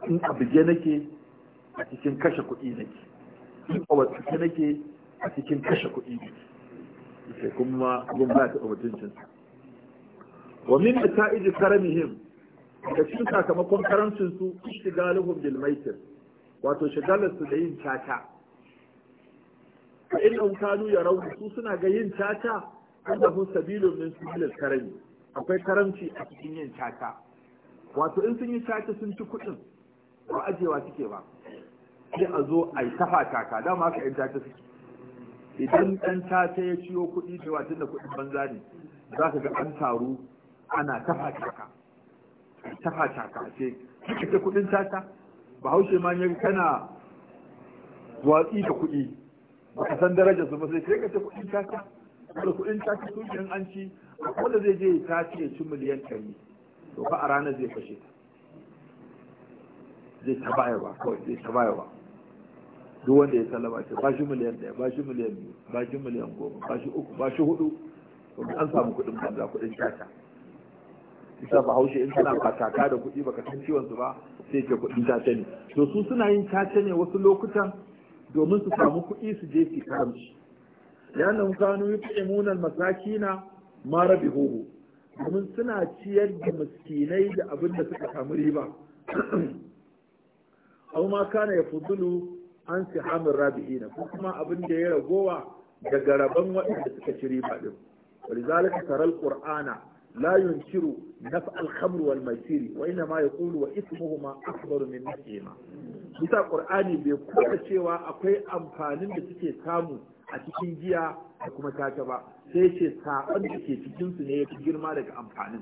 in a buge nake a cikin kashe kuɗi nake in a wasu nake a cikin kashe kuɗi nake kuma abin ba ta mutuncinsa wa min nata'ij karamihim da cikin sakamakon karamcin su ishtigaluhum bil maitir wato shagalar da yin caca fa in kanu ya rauni su suna ga yin caca an da hun sabilun min karami akwai karamci a cikin yin caca wato in sun yi caca sun ci kuɗin ba ajewa suke ba sai a zo a yi tafa caca ma ka yin caca suke idan ɗan caca ya ciyo kuɗi da watan da kuɗin banza ne za ka ga an taru ana tafa caca tafa caca ce ce kuɗin caca bahaushe ma ya kana watsi da kuɗi ba ka san darajar su ba sai kai ka ce kuɗin taka da kuɗin taka su in an ci kuma zai je ta ce ya ci miliyan ɗari to fa a ranar zai fashe, ta zai ta baya ba kawai zai ta baya ba duk wanda ya sallama ce ba shi miliyan ɗaya ba shi miliyan biyu ba shi miliyan goma ba shi uku ba shi hudu to an samu kuɗin banza kuɗin taka isa bahaushe in kana fataka da kuɗi baka san ciwon su ba sai ke kuɗin caca ne to su suna yin caca ne wasu lokutan domin su samu kuɗi su je su karamci lianna kanu yut'imuna masaki masakina Mara rabihuhu domin suna ciyar da miskinai da abin da suka samu riba aw ma kana fudulu an sihamin rabi'ina ko kuma abin da ya ragowa daga rabon waɗanda suka ci riba din ولذلك ترى القرآن لا ينكر نفع الخمر والميسير وانما يقول واثمهما اكبر من نفعهما bisa ƙur'ani bai cewa akwai amfanin da suke samu a cikin giya da kuma caca ba sai ce sabon da ke cikinsu ne ya fi girma daga amfanin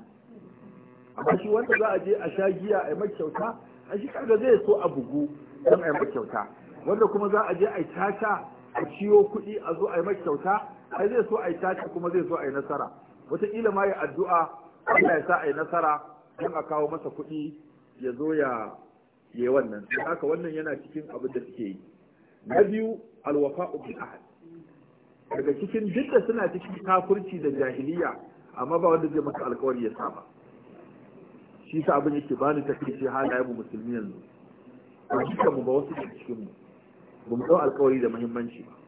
amma shi wanda za a je a sha giya a mai kyauta a shi kaga zai so a bugu don a mai kyauta wanda kuma za a je a tata caca a ciyo kuɗi a zo a mai kyauta ai zai so a tata caca kuma zai so a yi nasara wataƙila ma ya addu'a Allah ya sa a yi nasara don a kawo masa kuɗi ya zo ya yi wannan haka wannan yana cikin abin da suke yi na biyu alwafa'u bil ahad daga cikin duk da suna cikin kafirci da jahiliya amma ba wanda zai maka alkawari ya saba shi sa abin yake bani takaici halaye mu musulmi yanzu ba mu ba wasu cikin mu ba mu dau alkawari da muhimmanci ba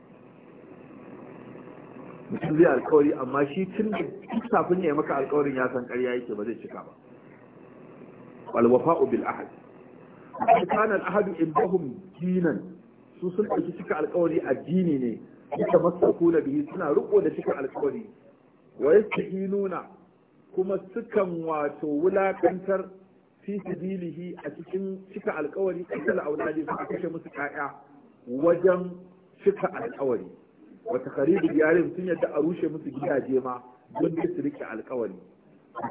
mutum zai alkawari amma shi tun da kafin ya maka alkawarin ya san ƙarya yake ba zai cika ba alwafa'u bil ahad kana al ahadu indahum dinan su sun ɗauki cika alkawari addini ne suka masaku na bihi suna riko da cika alkawari wa yastahinuna kuma sukan wato wulakantar fi sabilihi a cikin cika alkawari kasal auladi su kashe musu kaya wajen cika alkawari wata karibu yarin sun yadda a rushe musu gidaje ma don da su rike alkawari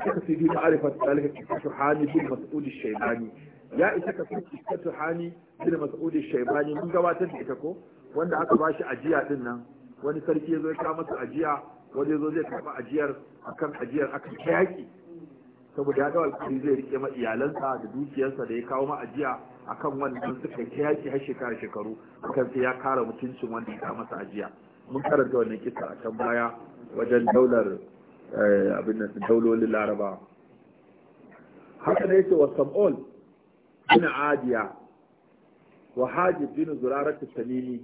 kika sai bi ma'arifa talika hani bin mas'udi shaibani ya isa ka sun kikatu hani bin mas'udi shaibani mun gabatar da ita ko wanda aka bashi ajiya din nan wani sarki ya zo ya masa ajiya wani ya zai karɓi ajiyar akan ajiyar akan yaki saboda ya ga alkhairi zai rike ma iyalansa da dukiyarsa da ya kawo ma ajiya akan wannan suka yaki har shekara shekaru akan sai ya kara mutuncin wanda ya masa ajiya mun karanta wannan kisa a can baya wajen daular eh, abin nan daulolin laraba haka ne yake wa sam'ol bin adiya wa hajib bin zurarat tamimi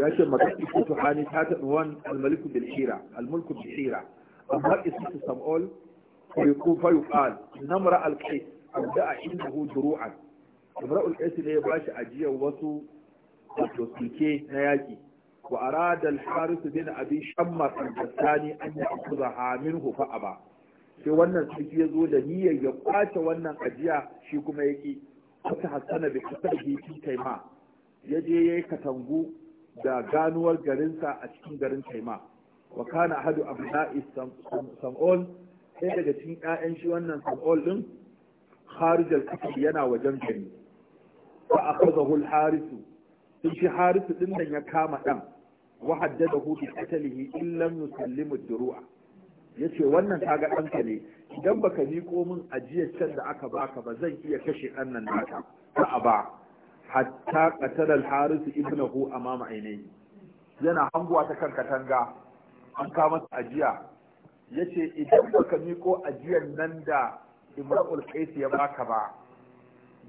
ya ce magana ko tuhani ta tabi wan al-malik bil hira al-mulk bil hira amma isu sam'ol ko fa yuqal namra al-qais abda innahu juru'an imra'ul qais ne ya bashi ajiyar wasu wato na yaki وأراد الحارث بن أبي شمر الجساني أن يأخذها منه ba. sai wannan sarki ya zo da niyyar ya kwace wannan ajiya shi kuma ya ki wata hassana bai kasar fi taima ya je ya yi katangu da ganuwar garinsa a cikin garin taima wa kana ahadu abna'i sam'ol sai daga cikin 'ya'yan shi wannan sam'ol din kharij al yana wajen gari a akhadahu hul harisu sun shi harisu din nan ya kama ɗan. wa haddadahu bi qatlihi illan lam nusallimu yace wannan kaga ɗanka ne idan baka miƙo min ajiyar can da aka baka ba zan iya kashe ɗan nan naka a ba hatta qatala al-haris ibnahu amama ainihi yana hanguwa ta kan katanga an ka masa ajiya yace idan baka miƙo ajiyar nan da imra'ul qais ya baka ba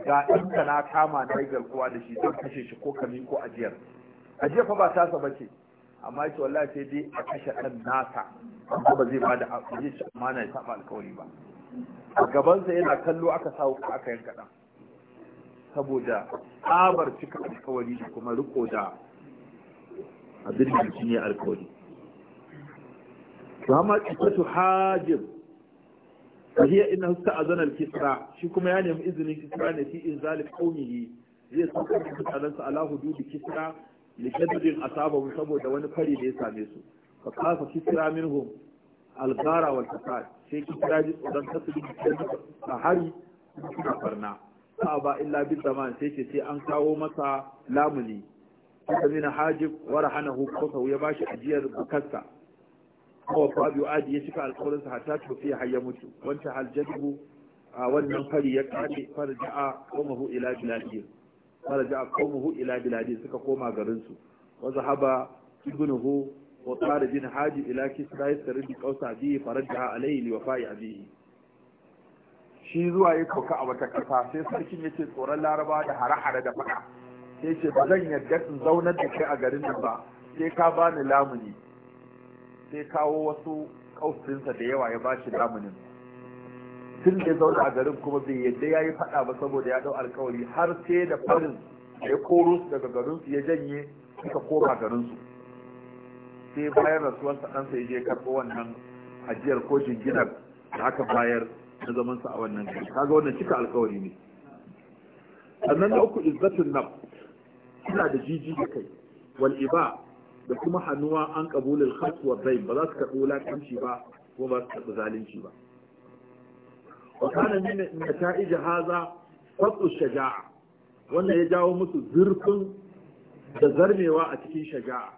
ga ɗanka na kama na garkuwa da shi zan kashe shi ko ka miƙo ajiyar ajiyar fa ba tasa bace amma ce wallahi sai dai a kashe ɗan nasa ko ba zai ba da shi amma amana ya alkawari ba a gabansa yana kallo aka sa wuka aka yanka ɗan saboda tsabar cika alkawari da kuma riko da abin da shi ne alkawari to amma kisatu hajib fahiya inna husta azana al-kisra shi kuma ya nemi izinin kisra ne fi inzalif qawmihi zai sauka da ala hududi kisra lijaddin asabahu saboda wani fari da ya same su fa kafa kisra minhum algara wal fasad sai kisra ji tsoron tasiri da hari suna farna sa'a ba illa bil zaman sai ce sai an kawo masa lamuni haka mina hajib wa rahanahu ya bashi ajiyar bukarsa kawai fabi adi ya cika alkawarinsa hatta tofi har ya mutu wancan haljadubu a wannan fari ya kare farja'a kuma hu ila biladiyar faraja qaumuhu ila biladi suka koma garinsu su wa zahaba ibnuhu wa qala bin haji ila kisra yasrid bi qausa bi faraja alayhi li a abihi shi zuwa ya koka a wata kasa sai sarkin yace tsoron laraba da hare-hare da faɗa sai ce ba zan yarda in zaunar da kai a garin nan ba sai ka bani lamuni sai kawo wasu kausinsa da yawa ya bashi lamunin tun da zaune a garin kuma bai yadda ya yi faɗa ba saboda ya ɗau alkawari har sai da farin ya koro su daga garinsu ya janye suka koma garinsu sai bayan rasuwarsa ɗansa ya je karɓo wannan ajiyar ko jinginar da aka bayar na zamansa a wannan gari kaga wannan cika alkawari ne sannan na uku izzatun nab suna da jiji da kai wal iba da kuma hannuwa an kabulul khat wa ba za su karɓi wulakanci ba ko ba su karɓi zalunci ba وكان من نتائج هذا فضل الشجاعة وأن يجاو مثل زرق تزرمي وأتكين شجاعة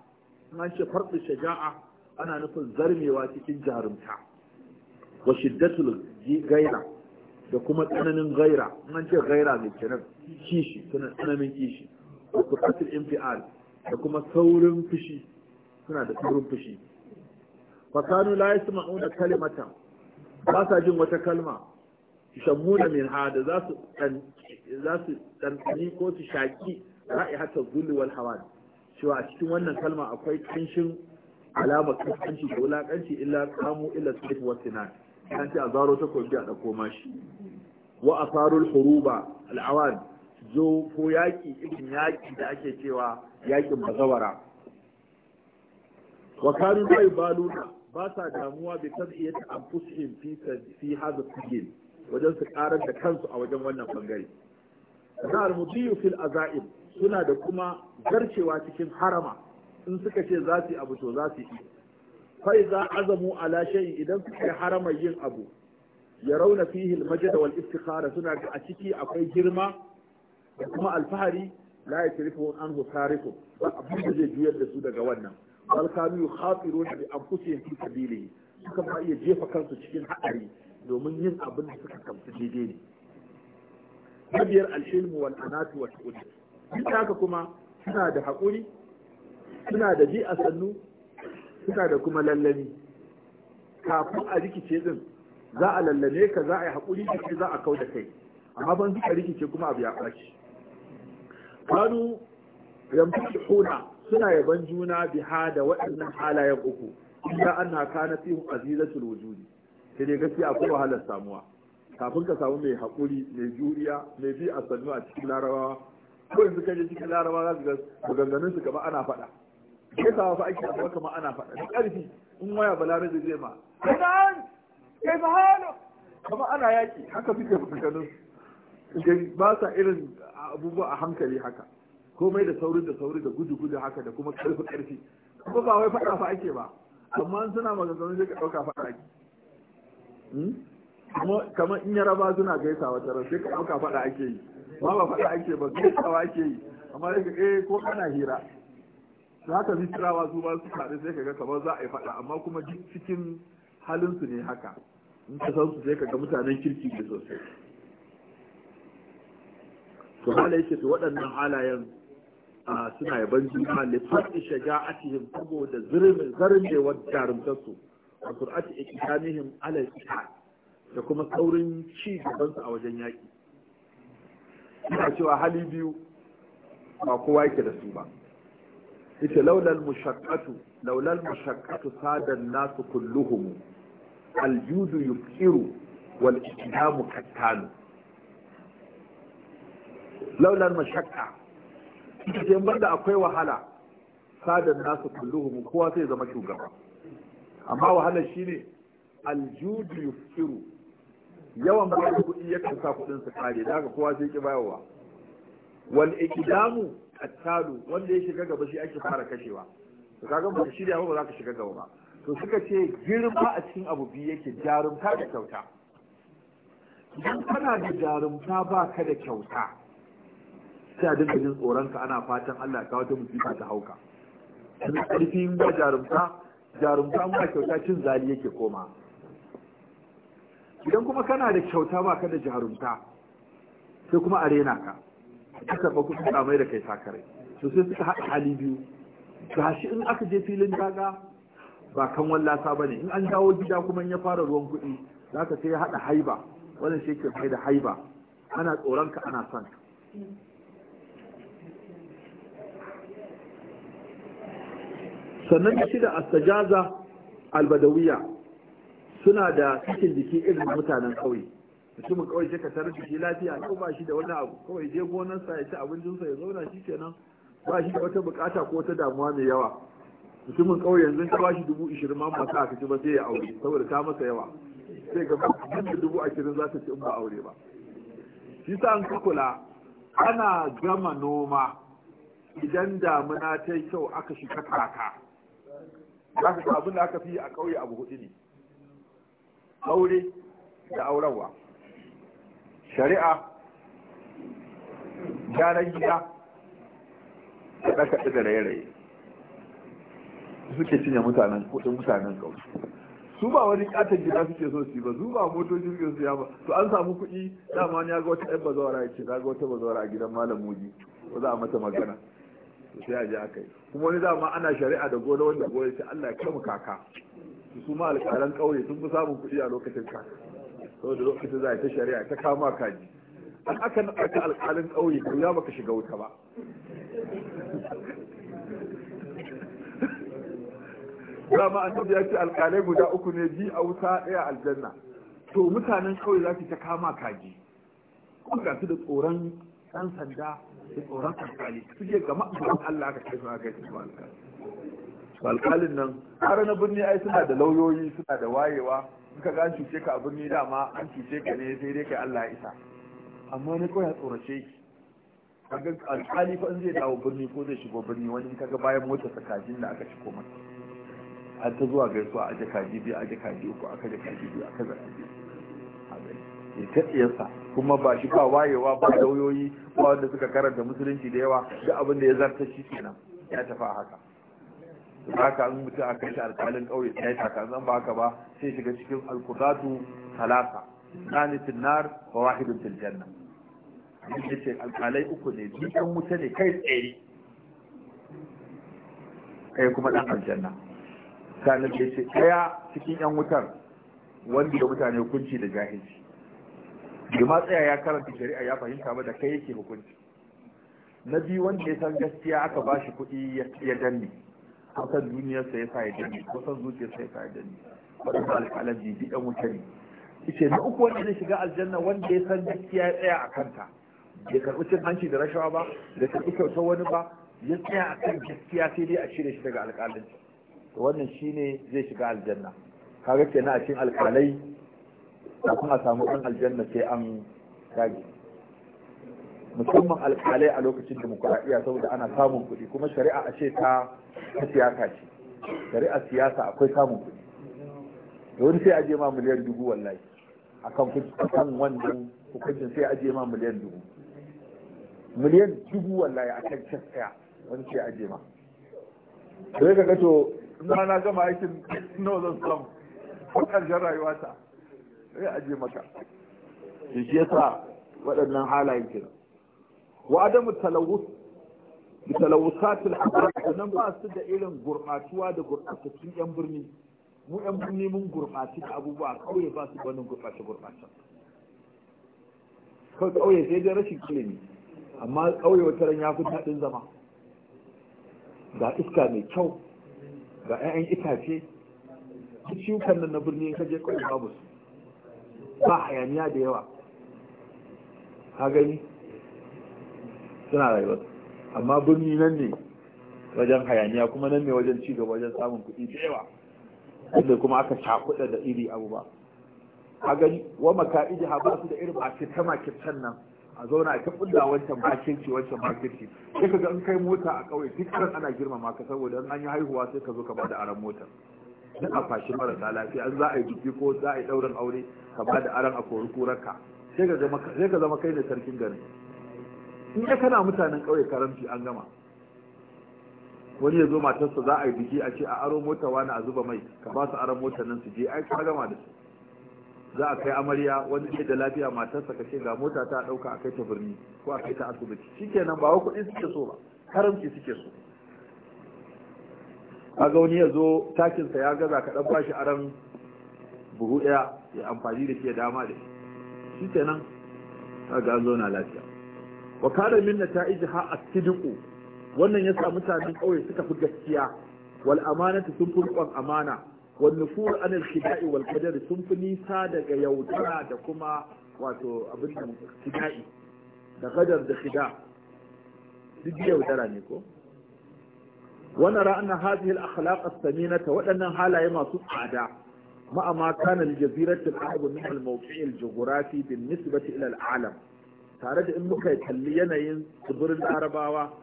ما شيء فرق الشجاعة أنا نقول زرمي وأتكين جارمتا وشدة الغيرة da kuma tsananin gaira an ce gaira mai kenan kishi suna tsananin kishi da kusatul infial da kuma saurin fushi suna da saurin fushi fasanu la yasma'una kalimatan ba sa jin wata kalma shammuna min hada za su ɗanɗani ko su shaƙi ra'i hata zulli wal hawan cewa a cikin wannan kalma akwai kanshin alamar kaskanci da wulaƙanci illa kamu illa sif wa sinan kan ce a zaro ta kogi a ɗauko mashi wa asarul huruba al'awan zo ko yaƙi irin yaƙi da ake cewa yaƙin bazawara wa kanu bai baluna ba sa damuwa bi tadhiyati anfusihim fi fi hadha sijil wajen su karar da kansu a wajen wannan bangare na almudiyu fil azaib suna da kuma garcewa cikin harama in suka ce za su yi abu to za su yi fai za azamu ala shayi idan suka yi yin abu ya rauna fihi almajda wal iftikhara suna ga a ciki akwai girma da kuma alfahari la yatrifu anhu tariku ba abin da zai juyar da su daga wannan bal kanu yukhatiru bi anfusihim fi sabilihi suka ba iya jefa kansu cikin haɗari domin yin abin da suka kamsu daidai ne na biyar alhilmu wal anatu wa tuqul duk haka kuma suna da haƙuri suna da bi a sannu suna da kuma lallami kafin a rikice din za a lallame ka za a yi haƙuri da za a kau da kai amma ban suka rikice kuma abu ya ɓaci kanu yamtuhuna suna yaban juna biha da waɗannan halayen uku inda anna kana fihu azizatul wujudi sai dai gaskiya akwai wahalar samuwa kafin ka samu mai haƙuri mai juriya mai bi a sannu a cikin larabawa ko yanzu ka je cikin larabawa za su ga maganganun su kamar ana faɗa ke sa fa ake abuwa kama ana faɗa da ƙarfi in waya balarabe zai ma idan kai fa halo kama ana yaƙi haka suke maganganun su ba sa irin abubuwa a hankali haka komai da sauri da sauri da gudu gudu haka da kuma ƙarfi ƙarfi kuma ba wai faɗa fa ake ba amma suna maganganun sai ka ɗauka faɗa ake Hmm? kamar in yaraba suna gaisa wata ran sai ka ɗauka faɗa ake yi ba ba faɗa ake ba gaisawa ake yi amma sai ka eh ko kana hira za ka misirawa su ba su faɗi sai ka ga kamar za a yi faɗa amma kuma duk cikin halinsu ne haka in ka san su sai ka ga mutanen kirki ne sosai to hala yake to waɗannan halayen suna yaban juna lifaɗi shaja'atihim saboda zarmewar jarumtarsu wa sur'ati iqamihim ala al-qital da kuma saurin ci gaban su a wajen yaki ina cewa hali biyu ba kowa yake da su ba ita laulal mushaqqatu laulal mushaqqatu sadan nasu kulluhum aljudu yukiru wal islamu kattalu laulal mashaqqa ita ce banda akwai wahala sadan nasu kulluhum kowa sai zama shugaba amma wahalar shine aljudu yufiru yawan ba da kuɗi ya kasa kuɗin su kare da kowa sai ki bayarwa wal iqdamu atalu wanda ya shiga gaba shi ake fara kashewa to kaga ba shi da ba za ka shiga gaba ba to suka ce girma a cikin abu biyu yake jarumta da kyauta idan kana da jarumta ba ka da kyauta sai a dinga jin tsoronka ana fatan Allah ya kawo ta musifa ta hauka sun ƙarfi ba jarumta jarumta ba kyauta cin zali yake koma idan kuma kana da kyauta ba ka da jarumta sai kuma a rena ka ka karɓa kuɗin samai da kai sakarai to sai suka haɗa hali biyu gashi in aka je filin daga ba kan wallasa ba ne in an dawo gida kuma in ya fara ruwan kuɗi za ka sai ya haɗa haiba wannan shi ke da haiba ana tsoron ka ana son sannan da shida astajaza albadawiya suna da cikin jiki irin mutanen kawai. mutumin kawai ce ka tarar da shi lafiya ko ba shi da wani abu kawai je sa ya ci sa ya zauna shi kenan ba shi da wata bukata ko wata damuwa mai yawa mutumin kawai yanzu ka bashi dubu ishirin ma masu aka ci ba sai ya aure saboda ta masa yawa sai ga da dubu ashirin za ta ci in ba aure ba shi sa an kula ana gama noma idan damuna ta yi kyau aka shiga kaka za su abin da aka fi a ƙauye abu hudu ne aure da aurarwa shari'a gyaran gida da ɗaka kaɗe da raye-raye suke cinye mutanen kudin mutanen ƙauye su ba wani katon gida suke so su ba su ba motoci suke su ba to an samu kuɗi dama ya ga wata ɗan bazawara ya ce na ga wata bazawara a gidan malam muji ko za a mata magana sai a je aka yi kuma wani dama ana shari'a da gona wanda gona ce Allah ya kama kaka su ma alƙalan ƙauye sun fi samun kuɗi a lokacin kaka saboda lokacin za a ta shari'a ta kama kaji an aka aka alƙalin ƙauye ko ya baka shiga wuta ba dama an ya ce alƙalai guda uku ne bi a wuta ɗaya aljanna to mutanen ƙauye za su ta kama kaji kuma ga su da tsoron ɗan sanda sai tsoron alkali su je ga ma'aikatan Allah aka kai su aka kai su alkali alkalin nan har na birni ai suna da lauyoyi suna da wayewa suka ga an cuce ka a birni dama an cuce ka ne sai dai kai Allah ya isa amma ne kawai a tsorace ki kaga alkali fa in zai dawo birni ko zai shigo birni wani in kaga bayan motar sakajin da aka shigo mata har ta zuwa gaisuwa a jakaji biyu a jakaji uku aka jakaji biyu aka jakaji biyu ya ta kuma ba shi ba wayewa ba lauyoyi ba wanda suka karanta musulunci da yawa duk abin da ya zarta shi kenan ya tafi a haka haka an mutu a kai shi alƙalin ƙauye ya yi taka zan ba haka ba sai shiga cikin alkutatu talata nufin nar ba wahidin tiljan janna ya ce alƙalai uku ne dukkan wuta ne kai tsaye kai kuma ɗan aljanna da ya ce ɗaya cikin 'yan wutar wanda mutane kunci da jahilci bai tsaya ya karanta shari'a ya fahimta ba da kai yake hukunci na biyu wanda ya san gaskiya aka ba shi kuɗi ya danne kusan duniyarsa ya sa ya danne kusan zuciyarsa ya sa ya danne waɗanda alƙalaji bi ɗan wuta ne ce na uku wanda zai shiga aljanna wanda ya san gaskiya ya tsaya a kanta bai karɓi cin hanci da rashawa ba da karɓi kyautar wani ba ya tsaya a kan gaskiya sai dai a shirya shi daga alƙalin wannan shine zai shiga aljanna kaga kenan a cikin alƙalai kafin a samu ɗan aljanna sai an dage musamman alƙalai a lokacin demokuraɗiyya saboda ana samun kuɗi kuma shari'a a ce ta siyasa ce shari'a siyasa akwai samun kuɗi da wani sai aje ma miliyan dubu wallahi A kan wannan hukuncin sai aje ma miliyan dubu miliyan dubu wallahi kan cas ɗaya wani sai aje ma sai ka gato to na na gama aikin nawa zan samu ko ƙarshen rayuwata sai je maka shi shi yasa waɗannan halayen kenan wa adamu talawus bi talawusatil hadrati nan ba su da irin gurbatuwa da gurbatacin yan birni mu yan birni mun gurbaci da abubuwa kauye ba su wani gurbace gurbace kawai kauye sai dai rashin ilimi amma kauye wata ran ya fi daɗin zama ga iska mai kyau ga 'ya'yan itace duk shukan nan na birni kaje kawai babu su ba hayaniya da yawa ha gani suna rayuwa amma birni nan ne wajen hayaniya kuma nan ne wajen cigaba wajen samun kuɗi da yawa inda kuma aka cakuɗa da iri abu ba ha gani wa maka'idi ha ba su da irin ta makircen nan a zauna a kafin da wancan makirci wancan makirci sai ka ga an kai mota a ƙauye duk ana girmama ka saboda an yi haihuwa sai ka zo ka ba da aran motar duk a fashi marasa lafiya za a yi jiki ko za a yi ɗaurin aure ka ba da aran a kori kurarka sai ka zama kai ne sarkin gari. in ya kana mutanen ƙauye karamci an gama wani ya zo matarsa za a yi biki a ce a aro mota wani a zuba mai ka ba su aron mota nan su je ai ka gama da su za a kai amarya wani ke da lafiya matarsa ka ce ga mota ta dauka a kai ta birni ko a kai ta asibiti shikenan ba wa kuɗi suke so ba karamci suke so kaga wani ya zo takinsa ya gaza ka dan bashi aran buhu ɗaya ya amfani da shi ya dama da shi kenan kaga an na lafiya wa kada min nata'ijiha as-sidqu wannan yasa mutane ƙauye suka fi gaskiya wal amanatu sun fi riƙon amana wal nufur an al-khida'i wal qadar sun fi nisa daga yaudara da kuma wato abin da khida'i da qadar da khida duk yaudara ne ko ونرى أن هذه الأخلاق الثمينة وأن هالا ما تصعد مع ما كان الجزيرة الأعظم من الموقع الجغرافي بالنسبة إلى العالم تارد إن مكا يتحلينا ينصبر العرباوة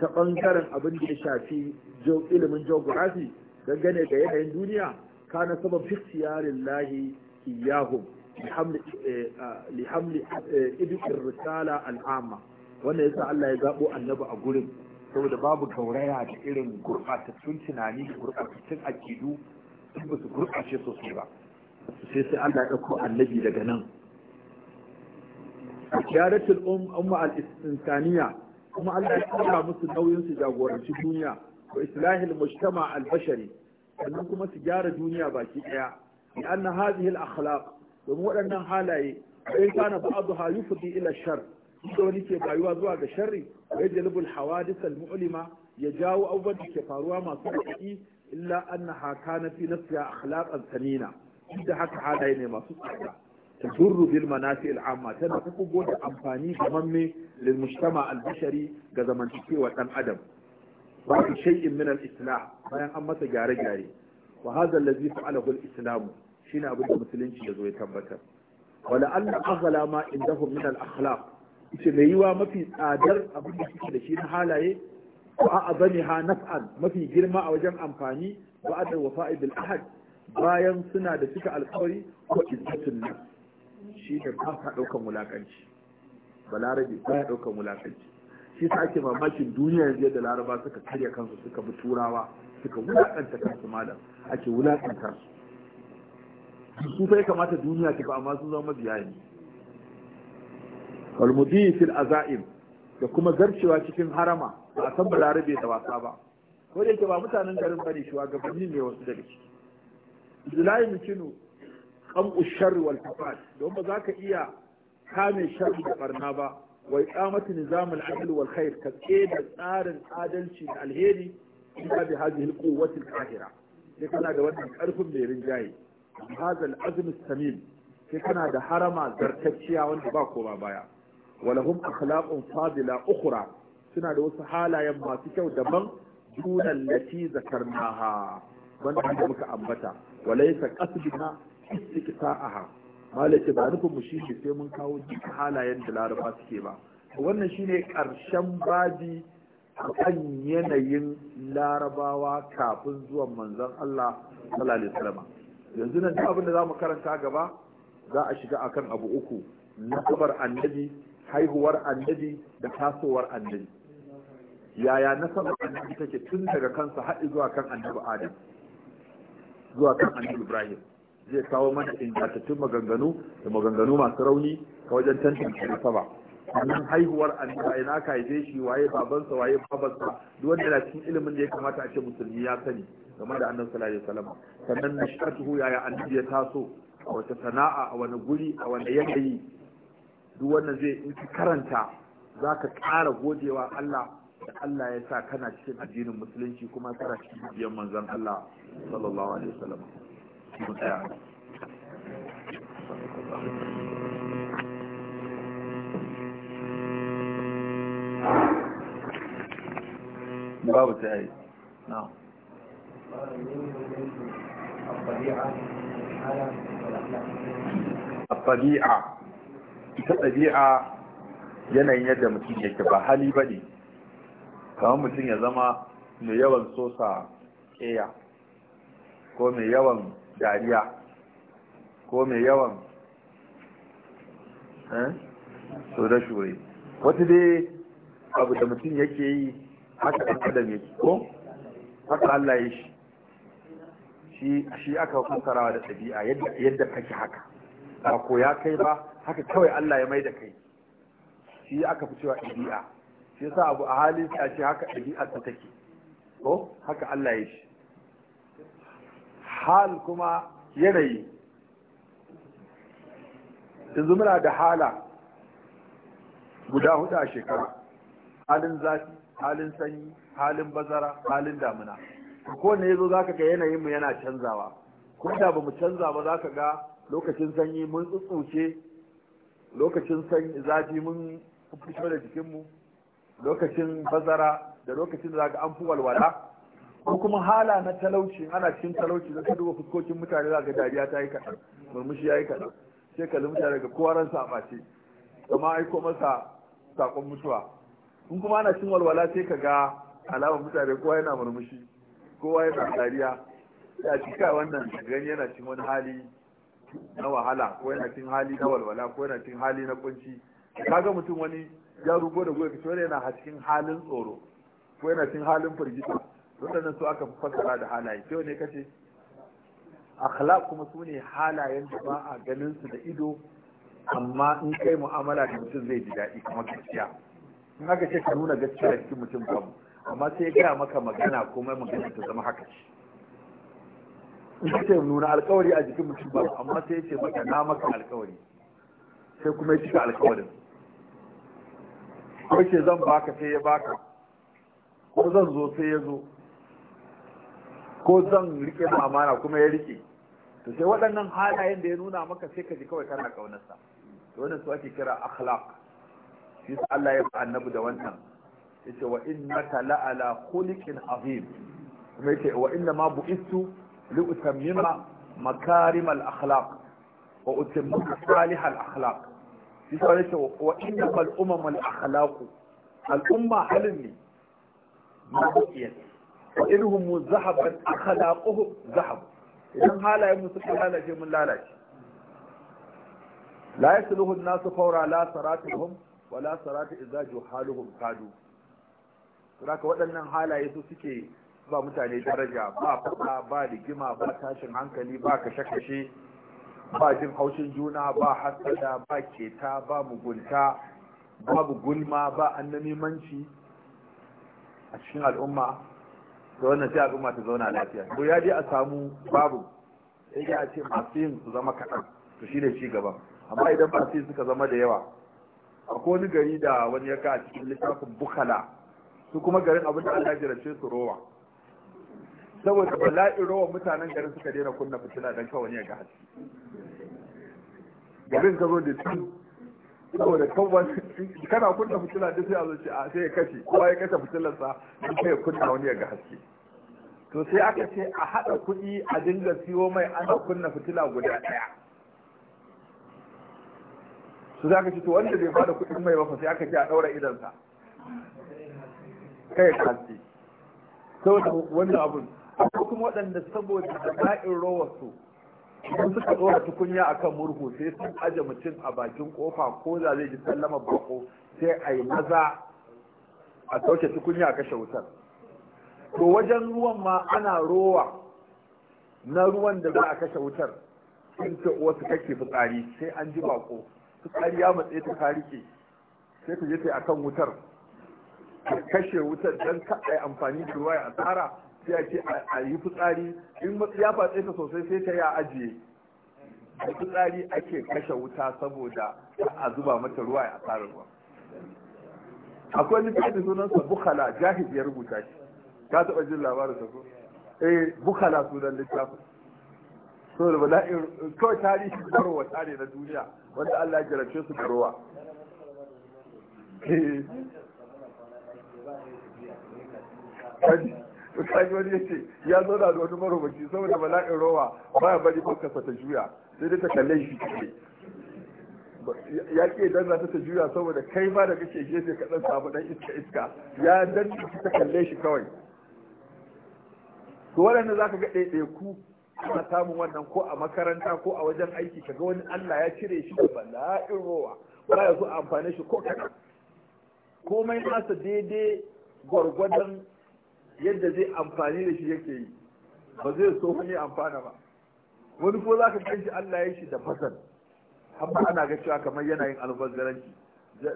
تقنكرا أبن شافي جو إلم جغرافي دقنا جايها الدنيا كان سبب في اختيار الله إياهم لحمل لحمل إبك الرسالة العامة وأن يسأل الله يزابه النبأ قرم saboda babu gauraya da irin gurɓatattun tunani da gurɓatattun akidu duk ba su gurɓace sosai ba sai sai Allah ya ɗauko annabi daga nan a kiyaratul um, umma al-insaniya kuma Allah ya ɗauka musu nauyin su jagoranci duniya wa islahil mujtama al-bashari sannan kuma su gyara duniya baki ɗaya bi anna hadhihi al-akhlaq domin waɗannan halaye in kana ba'daha yufdi ila shar inda wani ke bayuwa zuwa ga sharri ya jalibul hawadis al-mu'lima ya jawo abubuwan da ke faruwa masu haƙi illa annaha na fi nafsiha akhlaqan sanina inda haka halaye ne masu tsada تضر بالمنافع العامة تنفقوا da amfani da mamme للمجتمع البشري ga zamantakewa dan adam babu shay'in min al-islah bayan an masa gyare-gyare wa hadha allazi fa'alahu al-islam shine abin da musulunci yazo ya tabbatar wala anna aghla ma indahum min al-akhlaq ce mai yiwa mafi tsadar abin da suke da shi na halaye ko a azami ha naf'an mafi girma a wajen amfani ba a da wafa bil ahad bayan suna da suka alkawari ko izzatun nan shi da ba ɗaukan wulaƙanci, wulakanci balarabe ba ya ɗaukan wulaƙanci. shi sa ake mamakin duniya yanzu da laraba suka karya kansu suka bi turawa suka wulakanta kansu malam ake wulakanta su su kamata duniya ta ba amma sun zama biyayi wal mudi fil azaim da kuma garcewa cikin harama ba a san balarabe da wasa ba ko da yake ba mutanen garin bane shugabanni ne wasu da ciki Abdullahi mutunu kan ushar wal fafat don ba za ka iya kame sharri da barna ba wai iqamati nizamul adl wal khair ka da tsarin adalci da alheri in ka bi hadhihi al quwwati kana da wannan karfin mai rinjaye hadha al azm as samim sai kana da harama zartacciya wanda ba ba baya walahum akhlaqun fadila ukura suna da wasu halayen masu kyau daban dunan lati zakarnaha wanda da muka ambata walaysa qasdina aha. malaka ba nufin mu shi sai mun kawo duk halayen da laraba suke ba wannan shine karshen babi kan yanayin larabawa kafin zuwan manzon Allah sallallahu alaihi wasallam yanzu nan duk abin da zamu karanta gaba za a shiga akan abu uku nasabar annabi haihuwar annabi da tasowar annabi yaya nasabar annabi take tun daga kansa haɗi zuwa kan annabi adam zuwa kan annabi ibrahim zai kawo mana ingantattun maganganu da maganganu masu rauni ta wajen tantance nasaba sannan haihuwar annabi ina ka haife shi waye babansa waye babansa duk wanda yana cikin ilimin da ya kamata a ce musulmi ya sani game da annabi sallallahu alaihi wasallam sannan nashatuhu yaya annabi ya taso a wata sana'a a wani guri a wani yanayi duk wannan zai in ka karanta za ka ƙara godewa Allah da Allah ya sa kana cikin addinin musulunci kuma kana cikin biyan manzon Allah sallallahu alaihi wasallam babu ta yi na fadi'a ita ɗabi'a yanayin yadda mutum yake ba hali ba ne kamar mutum ya zama mai yawan sosa ƙeya ko mai yawan dariya ko mai yawan eh, shure-shure wata dai abu da mutum yake yi haka ɗan adam yake ko haka Allah ya shi shi aka kusurawa da ɗabi'a yadda kake haka ba ko ya kai ba haka kawai Allah ya mai da kai shi aka fi cewa ɗabi'a shi yasa abu a halin a ce haka ɗabi'a ta take ko haka Allah ya shi hal kuma yanayi yanzu muna da hala guda hudu a shekara halin zafi halin sanyi halin bazara halin damina ko ne yazo zaka ga yanayin mu yana canzawa ko da bamu canza ba zaka ga lokacin sanyi mun tsutsuce lokacin sanyi zafi mun fito da jikinmu lokacin bazara da lokacin da zaga an fi walwala ko kuma hala na talauci ana cikin talauci da kudu fuskokin mutane za dariya ta yi kaɗan murmushi ya yi kaɗan sai kalli mutane daga kowa ransa a ɓace kuma ko masa sakon mutuwa in kuma ana cikin walwala sai ka ga alamar mutane kowa yana murmushi kowa yana dariya ya cika wannan gani yana cikin wani hali na wahala ko yana cikin hali na walwala ko yana cikin hali na kunci kaga mutum wani ya rugo da goyi kace yana cikin halin tsoro ko yana cikin halin firgita wannan su aka fassara da halaye sai ne kace akhlaq kuma su ne halayen da ba a ganin su da ido amma in kai mu'amala da mutum zai ji daɗi kuma gaskiya in aka ce ka nuna gaskiya cikin mutum babu amma sai ya gaya maka magana kuma magana ta zama haka ce ita ce nuna alkawari a jikin mutum ba amma sai ce maka na maka alkawari sai kuma ya cika alkawarin ko ce zan baka sai ya baka ko zan zo sai ya zo ko zan rike na amana kuma ya rike to sai waɗannan halayen da ya nuna maka sai ka ji kawai kana kaunarsa to wannan su ake kira akhlaq shi Allah ya ba annabi da wannan yace wa innaka la'ala khuliqin azim kuma yace wa inna ma bu'istu li'utammima makarim al-akhlaq wa utimma salih al-akhlaq shi sai yake wa inna al-umam halin ne ma bukiyat wa idhum muzahaban akhlaquhum zahab idan halayen mu suka lalace mun lalace la yasluhu an-nasu faura la saratuhum wa la saratu kadu waɗannan halaye su suke ba mutane daraja ba fada ba rigima ba tashin hankali ba kashe-kashe ba jin haushin juna ba hasada ba keta ba mugunta ba gulma ba manci, a cikin al'umma da wannan sai al'umma ta zauna lafiya to ya je a samu babu sai ya ce masu yin su zama kaɗan to shi ne ci gaba amma idan masu yin suka zama da yawa akwai wani gari da wani ya ka a cikin littafin bukala su kuma garin abin da Allah jirace su rowa saboda ba la'iro wa mutanen garin suka daina kunna fitila dan kawai ne ga haske garin ka zo da su saboda kawai kana kunna fitila da sai a zo a sai ya kashe kowa ya kashe fitilarsa dan kai ya kunna wani ya ga haske to sai aka ce a haɗa kuɗi a dinga siyo mai ana kunna fitila guda ɗaya su za ka ce to wanda bai bada kuɗin mai ba sai aka ce a ɗaura idansa kai kasi saboda wannan abun ko kuma waɗanda saboda bala'in rawarsu sun suka tsora tukunya akan murhu sai sun aje mutum a bakin kofa ko da zai ji sallama bako sai a yi maza a sauke tukunya a kashe wutar to wajen ruwan ma ana rowa na ruwan da za a kashe wutar sun ce wasu kake fitsari sai an ji bako fitsari ya matse ta tarike, rike sai ta je sai akan wutar kashe wutar don kaɗa amfani da ruwa ya tsara sai a ce a yi fitsari in ya fatse ta sosai sai ta ya ajiye a fitsari ake kashe wuta saboda a zuba mata ruwa ya tsara ruwa akwai sunan sunansa bukhala jahid ya rubuta shi ka taba jin labarin sa ko eh bukhala sunan littafin so da bala'in ko tarihi wa tare na duniya wanda Allah ya jarace su da ruwa eh kaji wani ya ce ya zo da wani marubuci saboda bala'in rowa ba ya bari fuskarsa ta juya sai dai ta kalle shi kake ya ke dan za ta juya saboda kai ba da kake gefe ka dan samu dan iska iska ya dan ta kalle shi kawai to waɗanda za ka ga ɗaiɗaiku ana samun wannan ko a makaranta ko a wajen aiki kaga wani Allah ya cire shi da bala'in rowa ba ya zo amfane shi ko kaɗan komai nasa daidai gwargwadon yadda zai amfani da shi yake yi ba zai so wani amfana ba wani ko za ka kai shi Allah ya shi da fasal amma ana ga cewa kamar yana yin albazaranci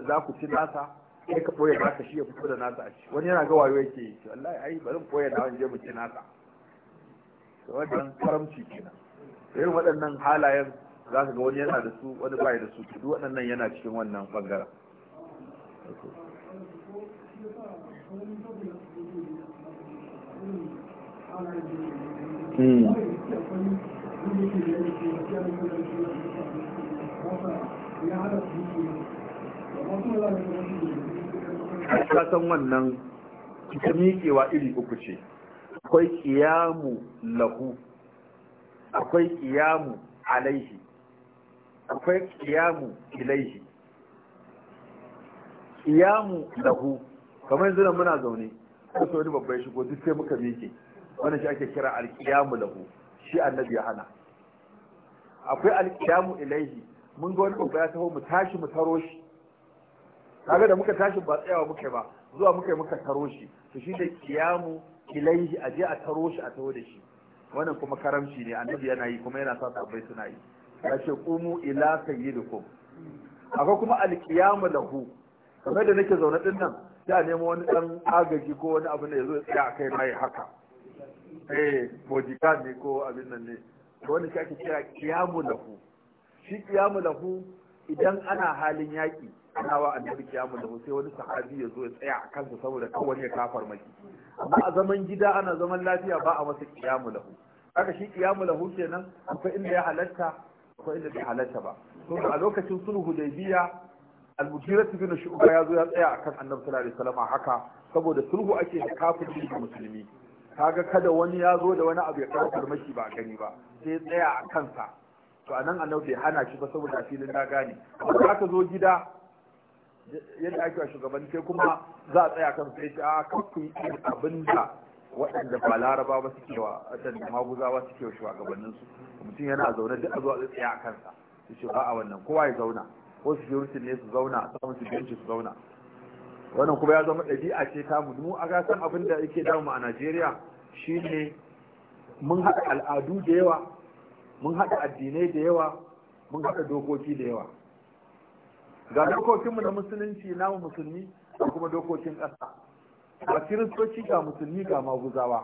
za ku ci nasa sai ka koya nasa shi ya fito da nasa a ci wani yana ga wayo yake yi wallahi ai bari koya da wanje mu ci nasa to wannan karamci kenan irin waɗannan halayen za ka ga wani yana da su wani bai da su duk waɗannan yana cikin wannan bangaren Hmm. kasan wannan ita miƙewa iri uku ce akwai kiyamu lahu akwai kiyamu alaihi akwai kiyamu ilaihi kiyamu lahu kamar yanzu da muna zaune kusa wani babban shigo duk sai muka miƙe wannan shi ake kira alkiyamu lahu shi annabi ya hana akwai alkiyamu ilaihi mun ga wani babba ya taho mu tashi mu taro shi kaga da muka tashi ba tsayawa muka ba zuwa muka muka taro shi to shi da kiyamu ilaihi a je a taro shi a taho da shi wannan kuma karamci ne annabi yana yi kuma yana sa sabbai suna yi ya ce kumu ila sayyidukum akwai kuma alkiyamu lahu kamar da nake zaune din nan sai a nemo wani dan agaji ko wani abu da yazo ya tsaya a kai mai haka eh mojika ne ko abin nan ne wani shi ake kira kiyamu lahu shi kiyamu lahu idan ana halin yaƙi ana wa annabi kiyamu lahu sai wani sahabi ya zo ya tsaya a kansa saboda kawai ya kafar maki amma a zaman gida ana zaman lafiya ba a masa kiyamu lahu haka shi kiyamu lahu kenan akwai inda ya halatta akwai inda bai halatta ba to a lokacin sulhu biya. al-mujiratu bin shu'ba ya zo ya tsaya akan annabi sallallahu alaihi wasallam haka saboda sulhu ake da kafirin musulmi kaga kada wani ya zo da wani abu ya karkar mashi ba gani ba sai tsaya a kansa to anan annabi bai hana shi ba saboda filin na gane amma ka zo gida yadda ake shugaban shugabanni sai kuma za a tsaya kan sai ce a ah, kakku yi abin da waɗanda ba laraba ba suke wa waɗanda maguzawa suke wa mutum yana zaune duk a zo a tsaya a kansa su ce a wannan kowa ya zauna ko su ne su zauna a samun su su zauna wannan kuma ya zama ɗabi'a ce ta mu a gasar abin da yake damu a najeriya shine mun haɗa al'adu da yawa mun haɗa addinai da yawa mun haɗa dokoki da yawa ga dokokinmu na musulunci namu musulmi da kuma dokokin ƙasa a kiristoci ga musulmi ga maguzawa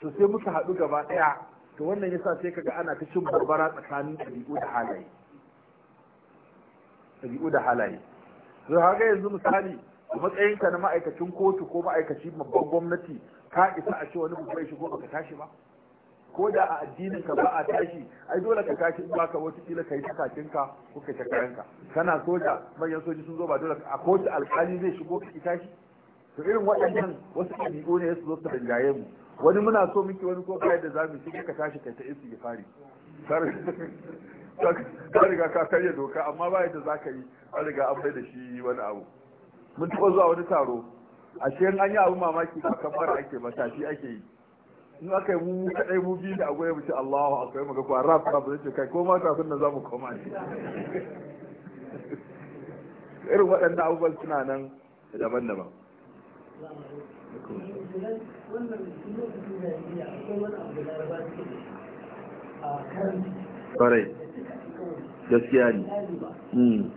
to sai muka haɗu gaba ɗaya to wannan yasa sai kaga ana ta cin barbara tsakanin ɗabi'u da halaye ɗabi'u da halaye yanzu misali a matsayinka na ma'aikacin kotu ko ma'aikaci babban gwamnati ka isa a ce wani bai shigo baka tashi ba ko da a addinin ka ba a tashi ai dole ka tashi in baka wata kila kai takakin ka ko kai takaranka kana soja manyan soji sun zo ba dole a kotu alkali zai shigo ka tashi to irin waɗannan wasu ɗabi'u ne su zo su rinjaye mu wani muna so miki wani ko kai da zamu shi ka tashi kai ta isi ya fari ka riga ka karya doka amma ba yadda za ka yi ka riga an bai da shi wani abu mun taɓa zuwa wani taro a ashe an yi abu mamaki ba kafara ake ba tafi ake yi in aka yi mu kadai mu biyu da agoya mu Allah Allahu kai maka ko rap rap zai ce kai ko ma ta sunna zamu koma ne irin waɗannan abubuwan suna nan daban-daban Kwarai, gaskiya ne. Hmm.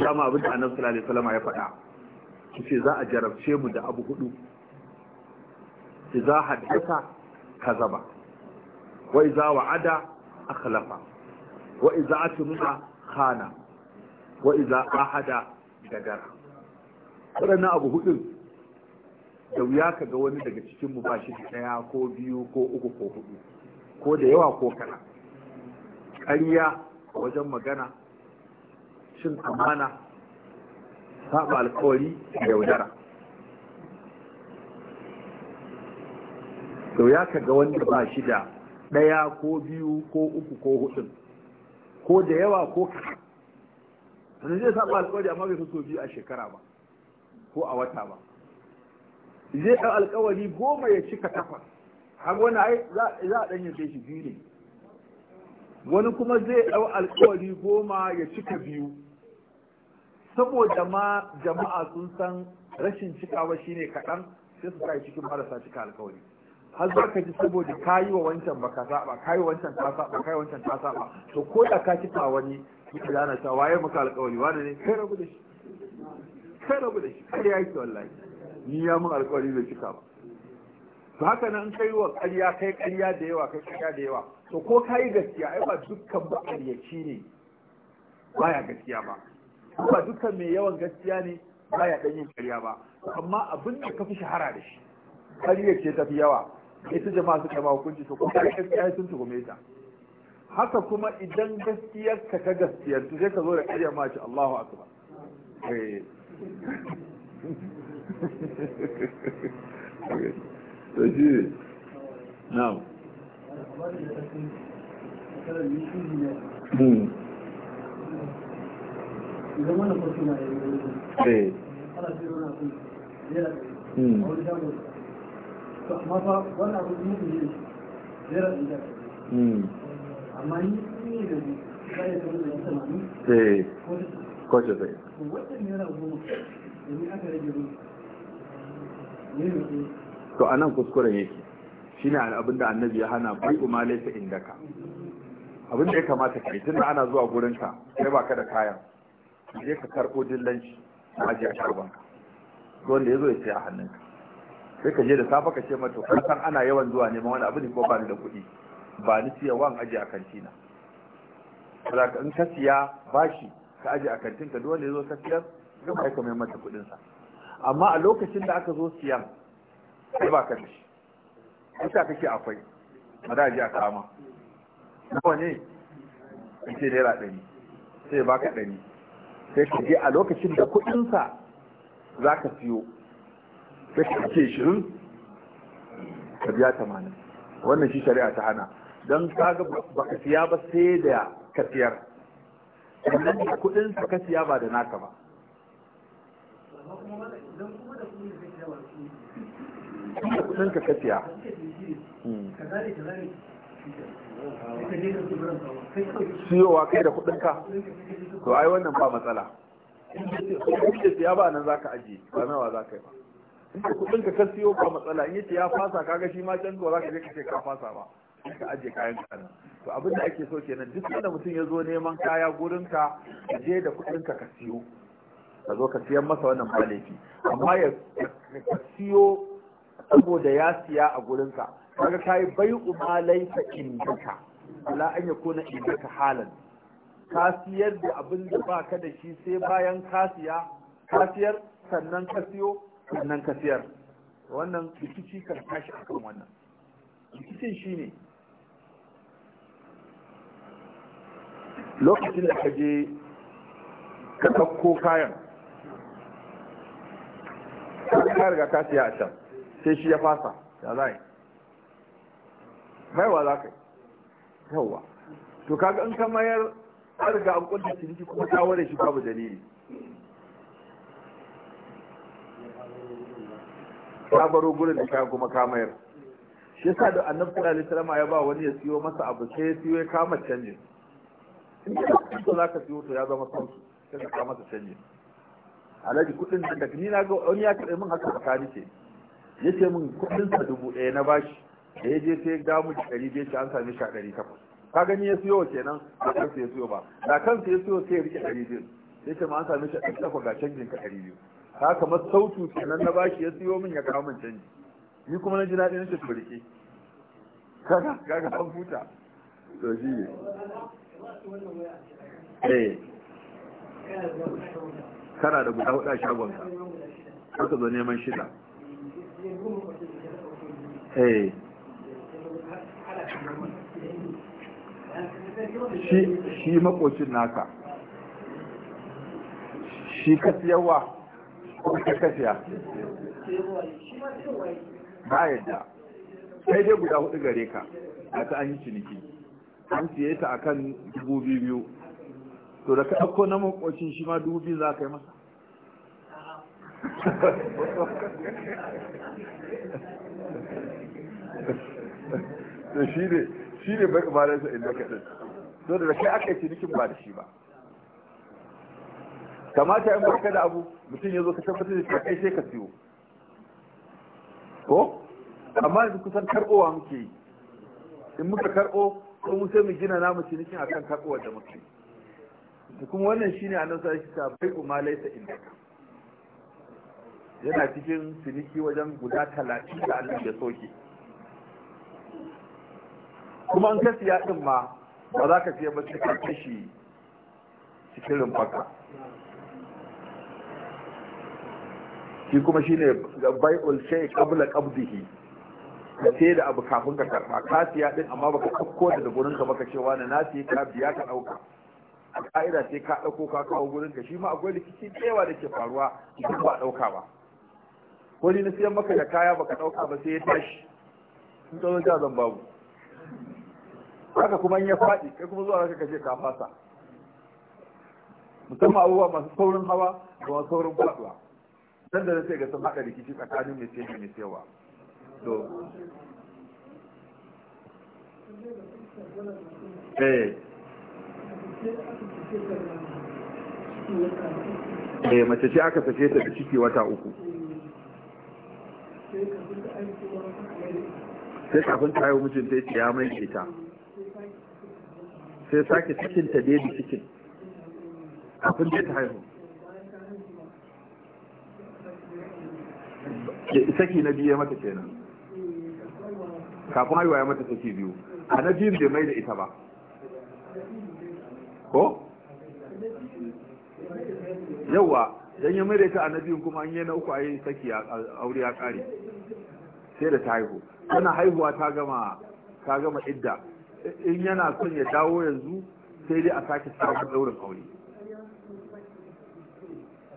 dama abin da annabi sallallahu alaihi wasallam ya faɗa kace za a jarabce mu da abu hudu idza haddasa kazaba wa iza wa'ada akhlafa wa iza atmina khana wa iza ahada dagara wannan abu hudun da wuya ka ga wani daga cikin mu ba shi daya ko biyu ko uku ko hudu ko da yawa ko kana ƙarya wajen magana cin amana saba alkawari da yaudara to ya kaga wanda ba shi da ɗaya ko biyu ko uku ko hudun ko da yawa ko kasa wani zai saba alkawari amma bai fito biyu a shekara ba ko a wata ba zai ɗau alkawari goma ya cika takwas har wani za a ɗanyar shi biyu ne wani kuma zai ɗau alkawari goma ya cika biyu saboda ma jama'a sun san rashin cikawa shine kaɗan sai su kai cikin marasa cika alkawari har za ka ji saboda ka yi wa wancan ba ka saba ka yi wancan ka saba ka yi wancan ka saba to ko da ka cika wani kuka gane cewa waye maka alkawari wani ne kai rabu da shi kai rabu da shi kai yake wallahi ni ya mun alkawari bai cika ba to haka nan kai wa ƙarya kai ƙarya da yawa kai ƙarya da yawa to ko ka yi gaskiya ai ba dukkan ba ƙaryaci ne baya gaskiya ba ba dukkan mai yawan gaskiya ne ba dan yin karya ba amma abin da ka fi shahara da shi karya ce ta fi yawa ita jama'a suka ma hukunci to kuma gaskiya sun tuhume ta haka kuma idan gaskiyar ka ta gaskiyar sai ka zo da ƙarya ma Allahu akbar eh. to shi now Hmm. idan wannan farko na yi eh. ana ce wani abu naira ɗari hmm. a wani shago to amma fa wani abu ne ne ne naira ɗari da amma ni ne da ni za ya zama da tamanin eh. ko shi sai wannan yana goma domin aka rage mu ne ne to anan kuskuren yake shine abin da annabi ya hana bai umma laysa indaka abin da ya kamata ka yi, tun da ana zuwa gurinka sai ba ka da kayan je ka karɓo dillanci a ajiye a shagon wanda ya zo ya siya a hannunka sai ka je da safa ka ce mata kan ana yawan zuwa neman wani abu ne ko ba ni da kuɗi ba ni siya wan ajiye a kantina saboda in ka siya bashi ka ajiye a kantinka duk wanda ya zo ka siyar zai ba ka kamar mata kuɗin sa amma a lokacin da aka zo siyan sai ba ka da shi ita kake akwai ba da ajiye a kama nawa ne in ce naira ɗari sai ba ka ɗari sai ka je a lokacin da kuɗinsa za ka siyo sai ka ce shirin ka biya tamanin wannan shi shari'a ta hana don kaga ba ka siya ba sai da ka siyar sannan da kuɗinsa ka siya ba da naka ba kuɗinka ka siya hmm. siyowa kai da kudinka to ai wannan ba matsala in ce siya ba nan zaka aje ba nawa zaka yi ba in ce kudinka ka siyo ba matsala in yace ya fasa kaga shi ma can to zaka je ka ce ka fasa ba in ka aje kayan ka to abin da ake so kenan duk wanda mutum ya zo neman kaya gurinka ka je da kudinka ka siyo ka zo ka siyan masa wannan ba amma ya siyo saboda ya siya a gurinka kaga kai bai umalai ta indaka la an yakuna indaka halan ka siyar da abin da baka da shi sai bayan ka siya ka siyar sannan ka siyo sannan ka siyar wannan rikici kan tashi akan wannan rikicin shine lokacin da ka je ka ɗauko kayan ka riga ka siya a can sai shi ya fasa ya zai baiwa za ka yi yauwa to kaga in ka mayar arga riga an kunta ciniki kuma ta ware shi babu dalili ka baro gurin da ka kuma ka mayar shi yasa da annabi sallallahu alaihi wasallam ya ba wani ya siyo masa abu sai ya siyo ya kama canjin in ka so ka siyo to ya zama sauki sai ka kama masa canjin alaji kudin da ni na ga wani ya karɓi min haka tsakani ce yace min kudin sa dubu ɗaya na bashi da ya je sai damu da ɗari biyar an sami shi a ɗari takwas ka gani ya siyo nan ba kansa ya siyo ba da kansa ya siyo sai ya rike ɗari biyu sai ce ma an sami shi a ɗari takwas ga canjin ka ɗari biyu ka kamar sautu nan na bashi ya siyo min ya kawo min canji ni kuma na ji daɗi na ce to rike kaga kaga an huta to shi ne eh kana da guda hudu a shagon ka ka zo neman shida eh shi makocin naka shi ka siyarwa ko ka siya? ba yadda sai dai guda hudu gare ka a ta an yi ciniki an siye ta a kan dubu biyu to da ka ɗauko na makocin shi ma dubu biyu za ka yi masa to shi ne shi ne bari ba da sa'in da dole da kai aka yi cinikin ba da shi ba kamata in barka da abu mutum ya zo ka tabbatar da kai sai ka siyo ko amma yanzu kusan karbowa muke yi in muka karbo ko mu sai mu gina namu cinikin akan karɓowar da muke da kuma wannan shine a nasa shi ta bai kuma laisa inda yana cikin ciniki wajen guda talatin da Allah ya soke kuma an kasi yaɗin ma ba za ka siya ba sai ka kashi cikin rumfaka shi kuma shi ne bai ulshe kabla kabdihi ka ce da abu kafin ka karba ka siya din amma baka ɗauko da gurin ka baka cewa na nasi ka biya ka ɗauka a ka'ida sai ka ɗauko ka kawo gurin ka shi ma akwai rikici tsewa da ke faruwa duk ba ɗauka ba ko ni na siyan maka da kaya baka ɗauka ba sai ya tashi in ka zo zan babu haka kuma in ya faɗi kai kuma zuwa ka je ka fasa musamman abubuwa masu saurin hawa da masu saurin faɗuwa dan da sai ga sun haɗa rikici tsakanin mai sayar da mai sayarwa to eh eh mace ce aka sace ta da ciki wata uku sai kafin ta yi mijinta ta ce ya mai ita sai sake cikin ta daidai cikin kafin da ta haihu saki na biyu mata kenan kafin haihuwa ya mata saki biyu a na biyun bai mai da ita ba ko yawa don ya mai da ita a na biyun kuma an yi na uku a yi saki a aure ya kare sai da ta haihu tana haihuwa ta gama ta gama idda in yana son ya dawo yanzu sai dai a sake samun daurin aure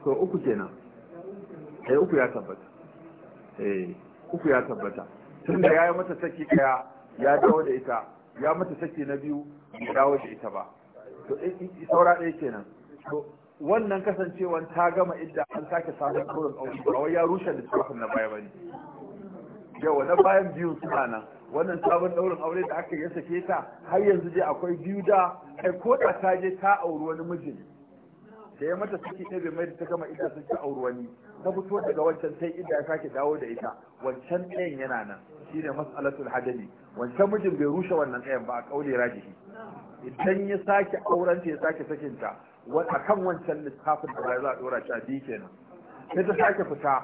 to uku kenan eh uku ya tabbata eh uku ya tabbata tunda ya yi mata saki ɗaya ya dawo da ita ya mata saki na biyu ya dawo da ita ba to eh, eh, eh, saura ɗaya kenan to wannan kasancewan ta gama idda an sake samun daurin aure ba wai ya rushe littafin na baya ne. yawa na bayan biyu suna nan wannan sabon daurin aure da aka ya sake ta har yanzu dai akwai biyu da kai ko da ta je ta auri wani mijin da ya mata saki ɗaya mai da ta gama ita sun ta auri wani ta fito daga wancan sai inda ya sake dawo da ita wancan ɗayan yana nan Shi ne mas'alatul hadali wancan mijin bai rushe wannan ɗayan ba a ƙaule rajihi idan ya sake auren ta ya sake sakinta a kan wancan littafin da za a ɗora shi a biyu kenan sai ta sake fita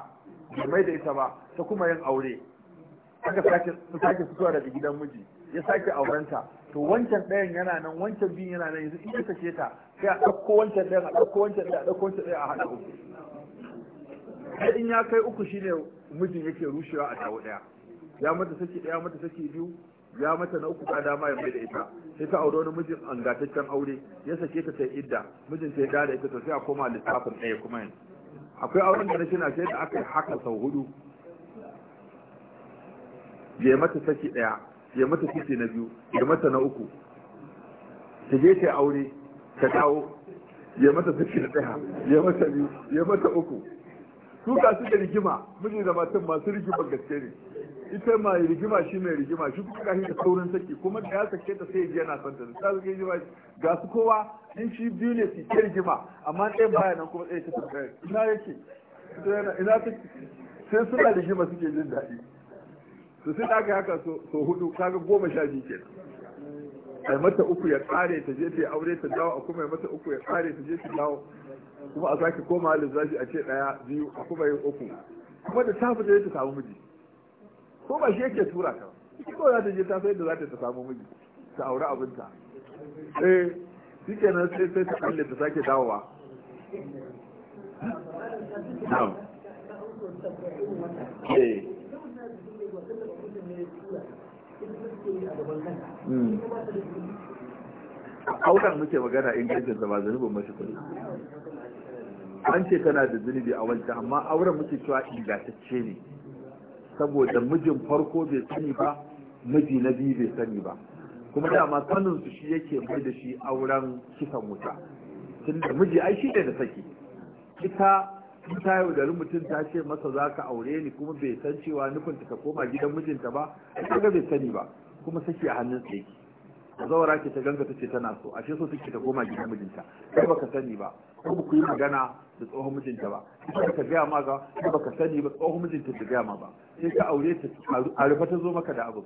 bai mai da ita ba ta kuma yin aure aka sake fitowa daga gidan miji ya sake aurenta to wancan ɗayan yana nan wancan biyun yana nan yanzu in ka sake ta sai a ɗauko wancan ɗayan a ɗauko wancan ɗayan a ɗauko wancan ɗayan a haɗa uku sai in ya kai uku shine mijin yake rushewa a dawo ɗaya ya mata saki ɗaya mata saki biyu ya mata na uku kada ma ya mai da ita sai ta aure wani mijin angataccen aure ya sake ta sai idda mijin sai ya da ita to sai a koma lissafin ɗaya kuma yanzu akwai auren da na shi na sai da aka yi haka sau hudu je mata saki daya je mata saki na biyu je mata na uku ta je ta aure ta dawo je mata saki na daya je mata biyu je mata uku su ka su da rigima miji da matan masu rigima gaske ne ita mai rigima shi mai rigima shi kuma gashi da saurin saki kuma da ya sake ta sai yana son ta ta sake rigima ga su kowa in shi biyu ne su ke rigima amma ɗaya baya nan kuma ɗaya ta tabbata ina yake ina ta sai suna rigima suke jin daɗi su sai aka haka so hudu kaga goma sha biyu ke ai mata uku ya kare ta je ta aure ta dawo a kuma mata uku ya kare ta je ta dawo kuma a sake koma lissafi a ce daya biyu a kuma yin uku kuma da ta da ta samu miji ko ba shi yake tura ka ba ko za ta je ta sai da za ta samu miji ta aure abinta eh shi kenan sai sai ta kalle ta sake dawowa na'am eh Hmm. auren muke magana in gajen da ba mashi kuri an ce kana da zunubi a wancan amma auren muke cewa ingantacce ne saboda mijin farko bai sani ba miji na biyu bai sani ba kuma dama sanin su shi yake mai da shi auren kisan wuta tun da miji ai shi da saki ita in ta yau da mutum ta ce masa za ka aure ni kuma bai san cewa nufin ta koma gidan mijinta ba ai kaga bai sani ba kuma saki a hannun sa yake ta zaura ke ta ganga ta ce tana so ashe so take ta koma gidan mijinta kai baka sani ba ko ba ku yi magana da tsohon mijinta ba sai ka gaya ma ga kai baka sani ba tsohon mijinta da gaya ma ba sai ka aure ta a rufa ta zo maka da abu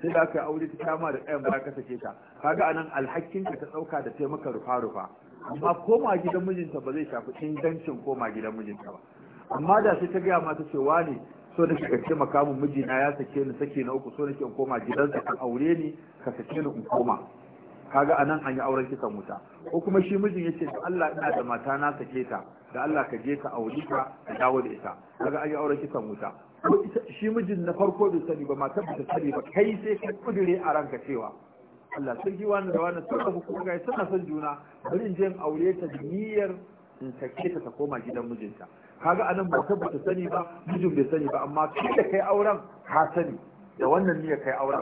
sai da aka aure ta kama da kayan baya ka sake ta kaga anan alhakin ka ta dauka da ta maka rufa rufa amma koma gidan mijinta ba zai shafi ingancin koma gidan mijinta ba amma da sai ta gaya ma ta ce wani so nake ka ce makamin mijina ya sake ni sake na uku so nake in koma gidansa ka aure ni ka sake ni in koma kaga anan an yi auren kisan wuta ko kuma shi mijin yace da Allah ina da mata na sake ta da Allah ka je ka aure ta ka dawo da ita kaga an yi auren kisan wuta ko shi mijin na farko bai sani ba matar ba sani ba kai sai ka kudure a ranka cewa Allah sun ji wani da wani sun rabu kuma gai suna son juna bari in je in aure ta da niyyar in sake ta ta koma gidan mijinta kaga anan ba ta sani ba mijin bai sani ba amma kai da kai auren ka sani da wannan ya kai auren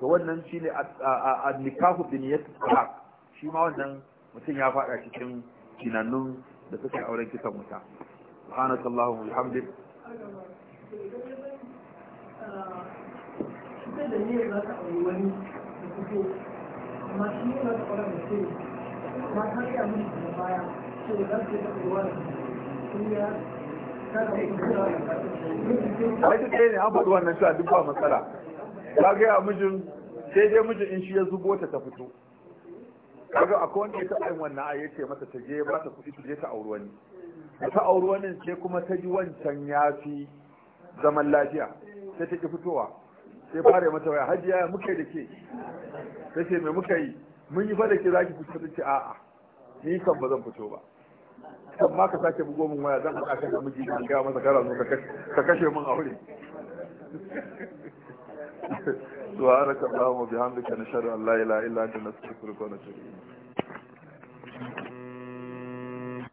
to wannan shine a nikahu bi niyyat talaq shi ma wannan mutum ya faɗa cikin kinannun da suka yi auren kisan wuta subhanaka walhamdulillah Yeah. wata ɗaya ne an faɗi wannan cewa duk ba matsala ta gaya mijin sai dai mijin in shi ya zubo ta ta fito kaga akwai wanda ya taɓa wannan a yace mata ta je ba ta kuɗi ta je ta auri wani da ta auri wani sai kuma ta ji wancan ya fi zaman lafiya sai ta ki fitowa sai fara mata waya hajiya muka yi da ke ta ce mai muka yi mun yi fa da ke za ki fito ta ce a'a ni kan ba zan fito ba kan ma ka sake bugo min waya zan haɗa a miji ka ga masa kara zo ka kashe min aure سبحانك bihamdika nashhadu an la ilaha illa anta wa ilayk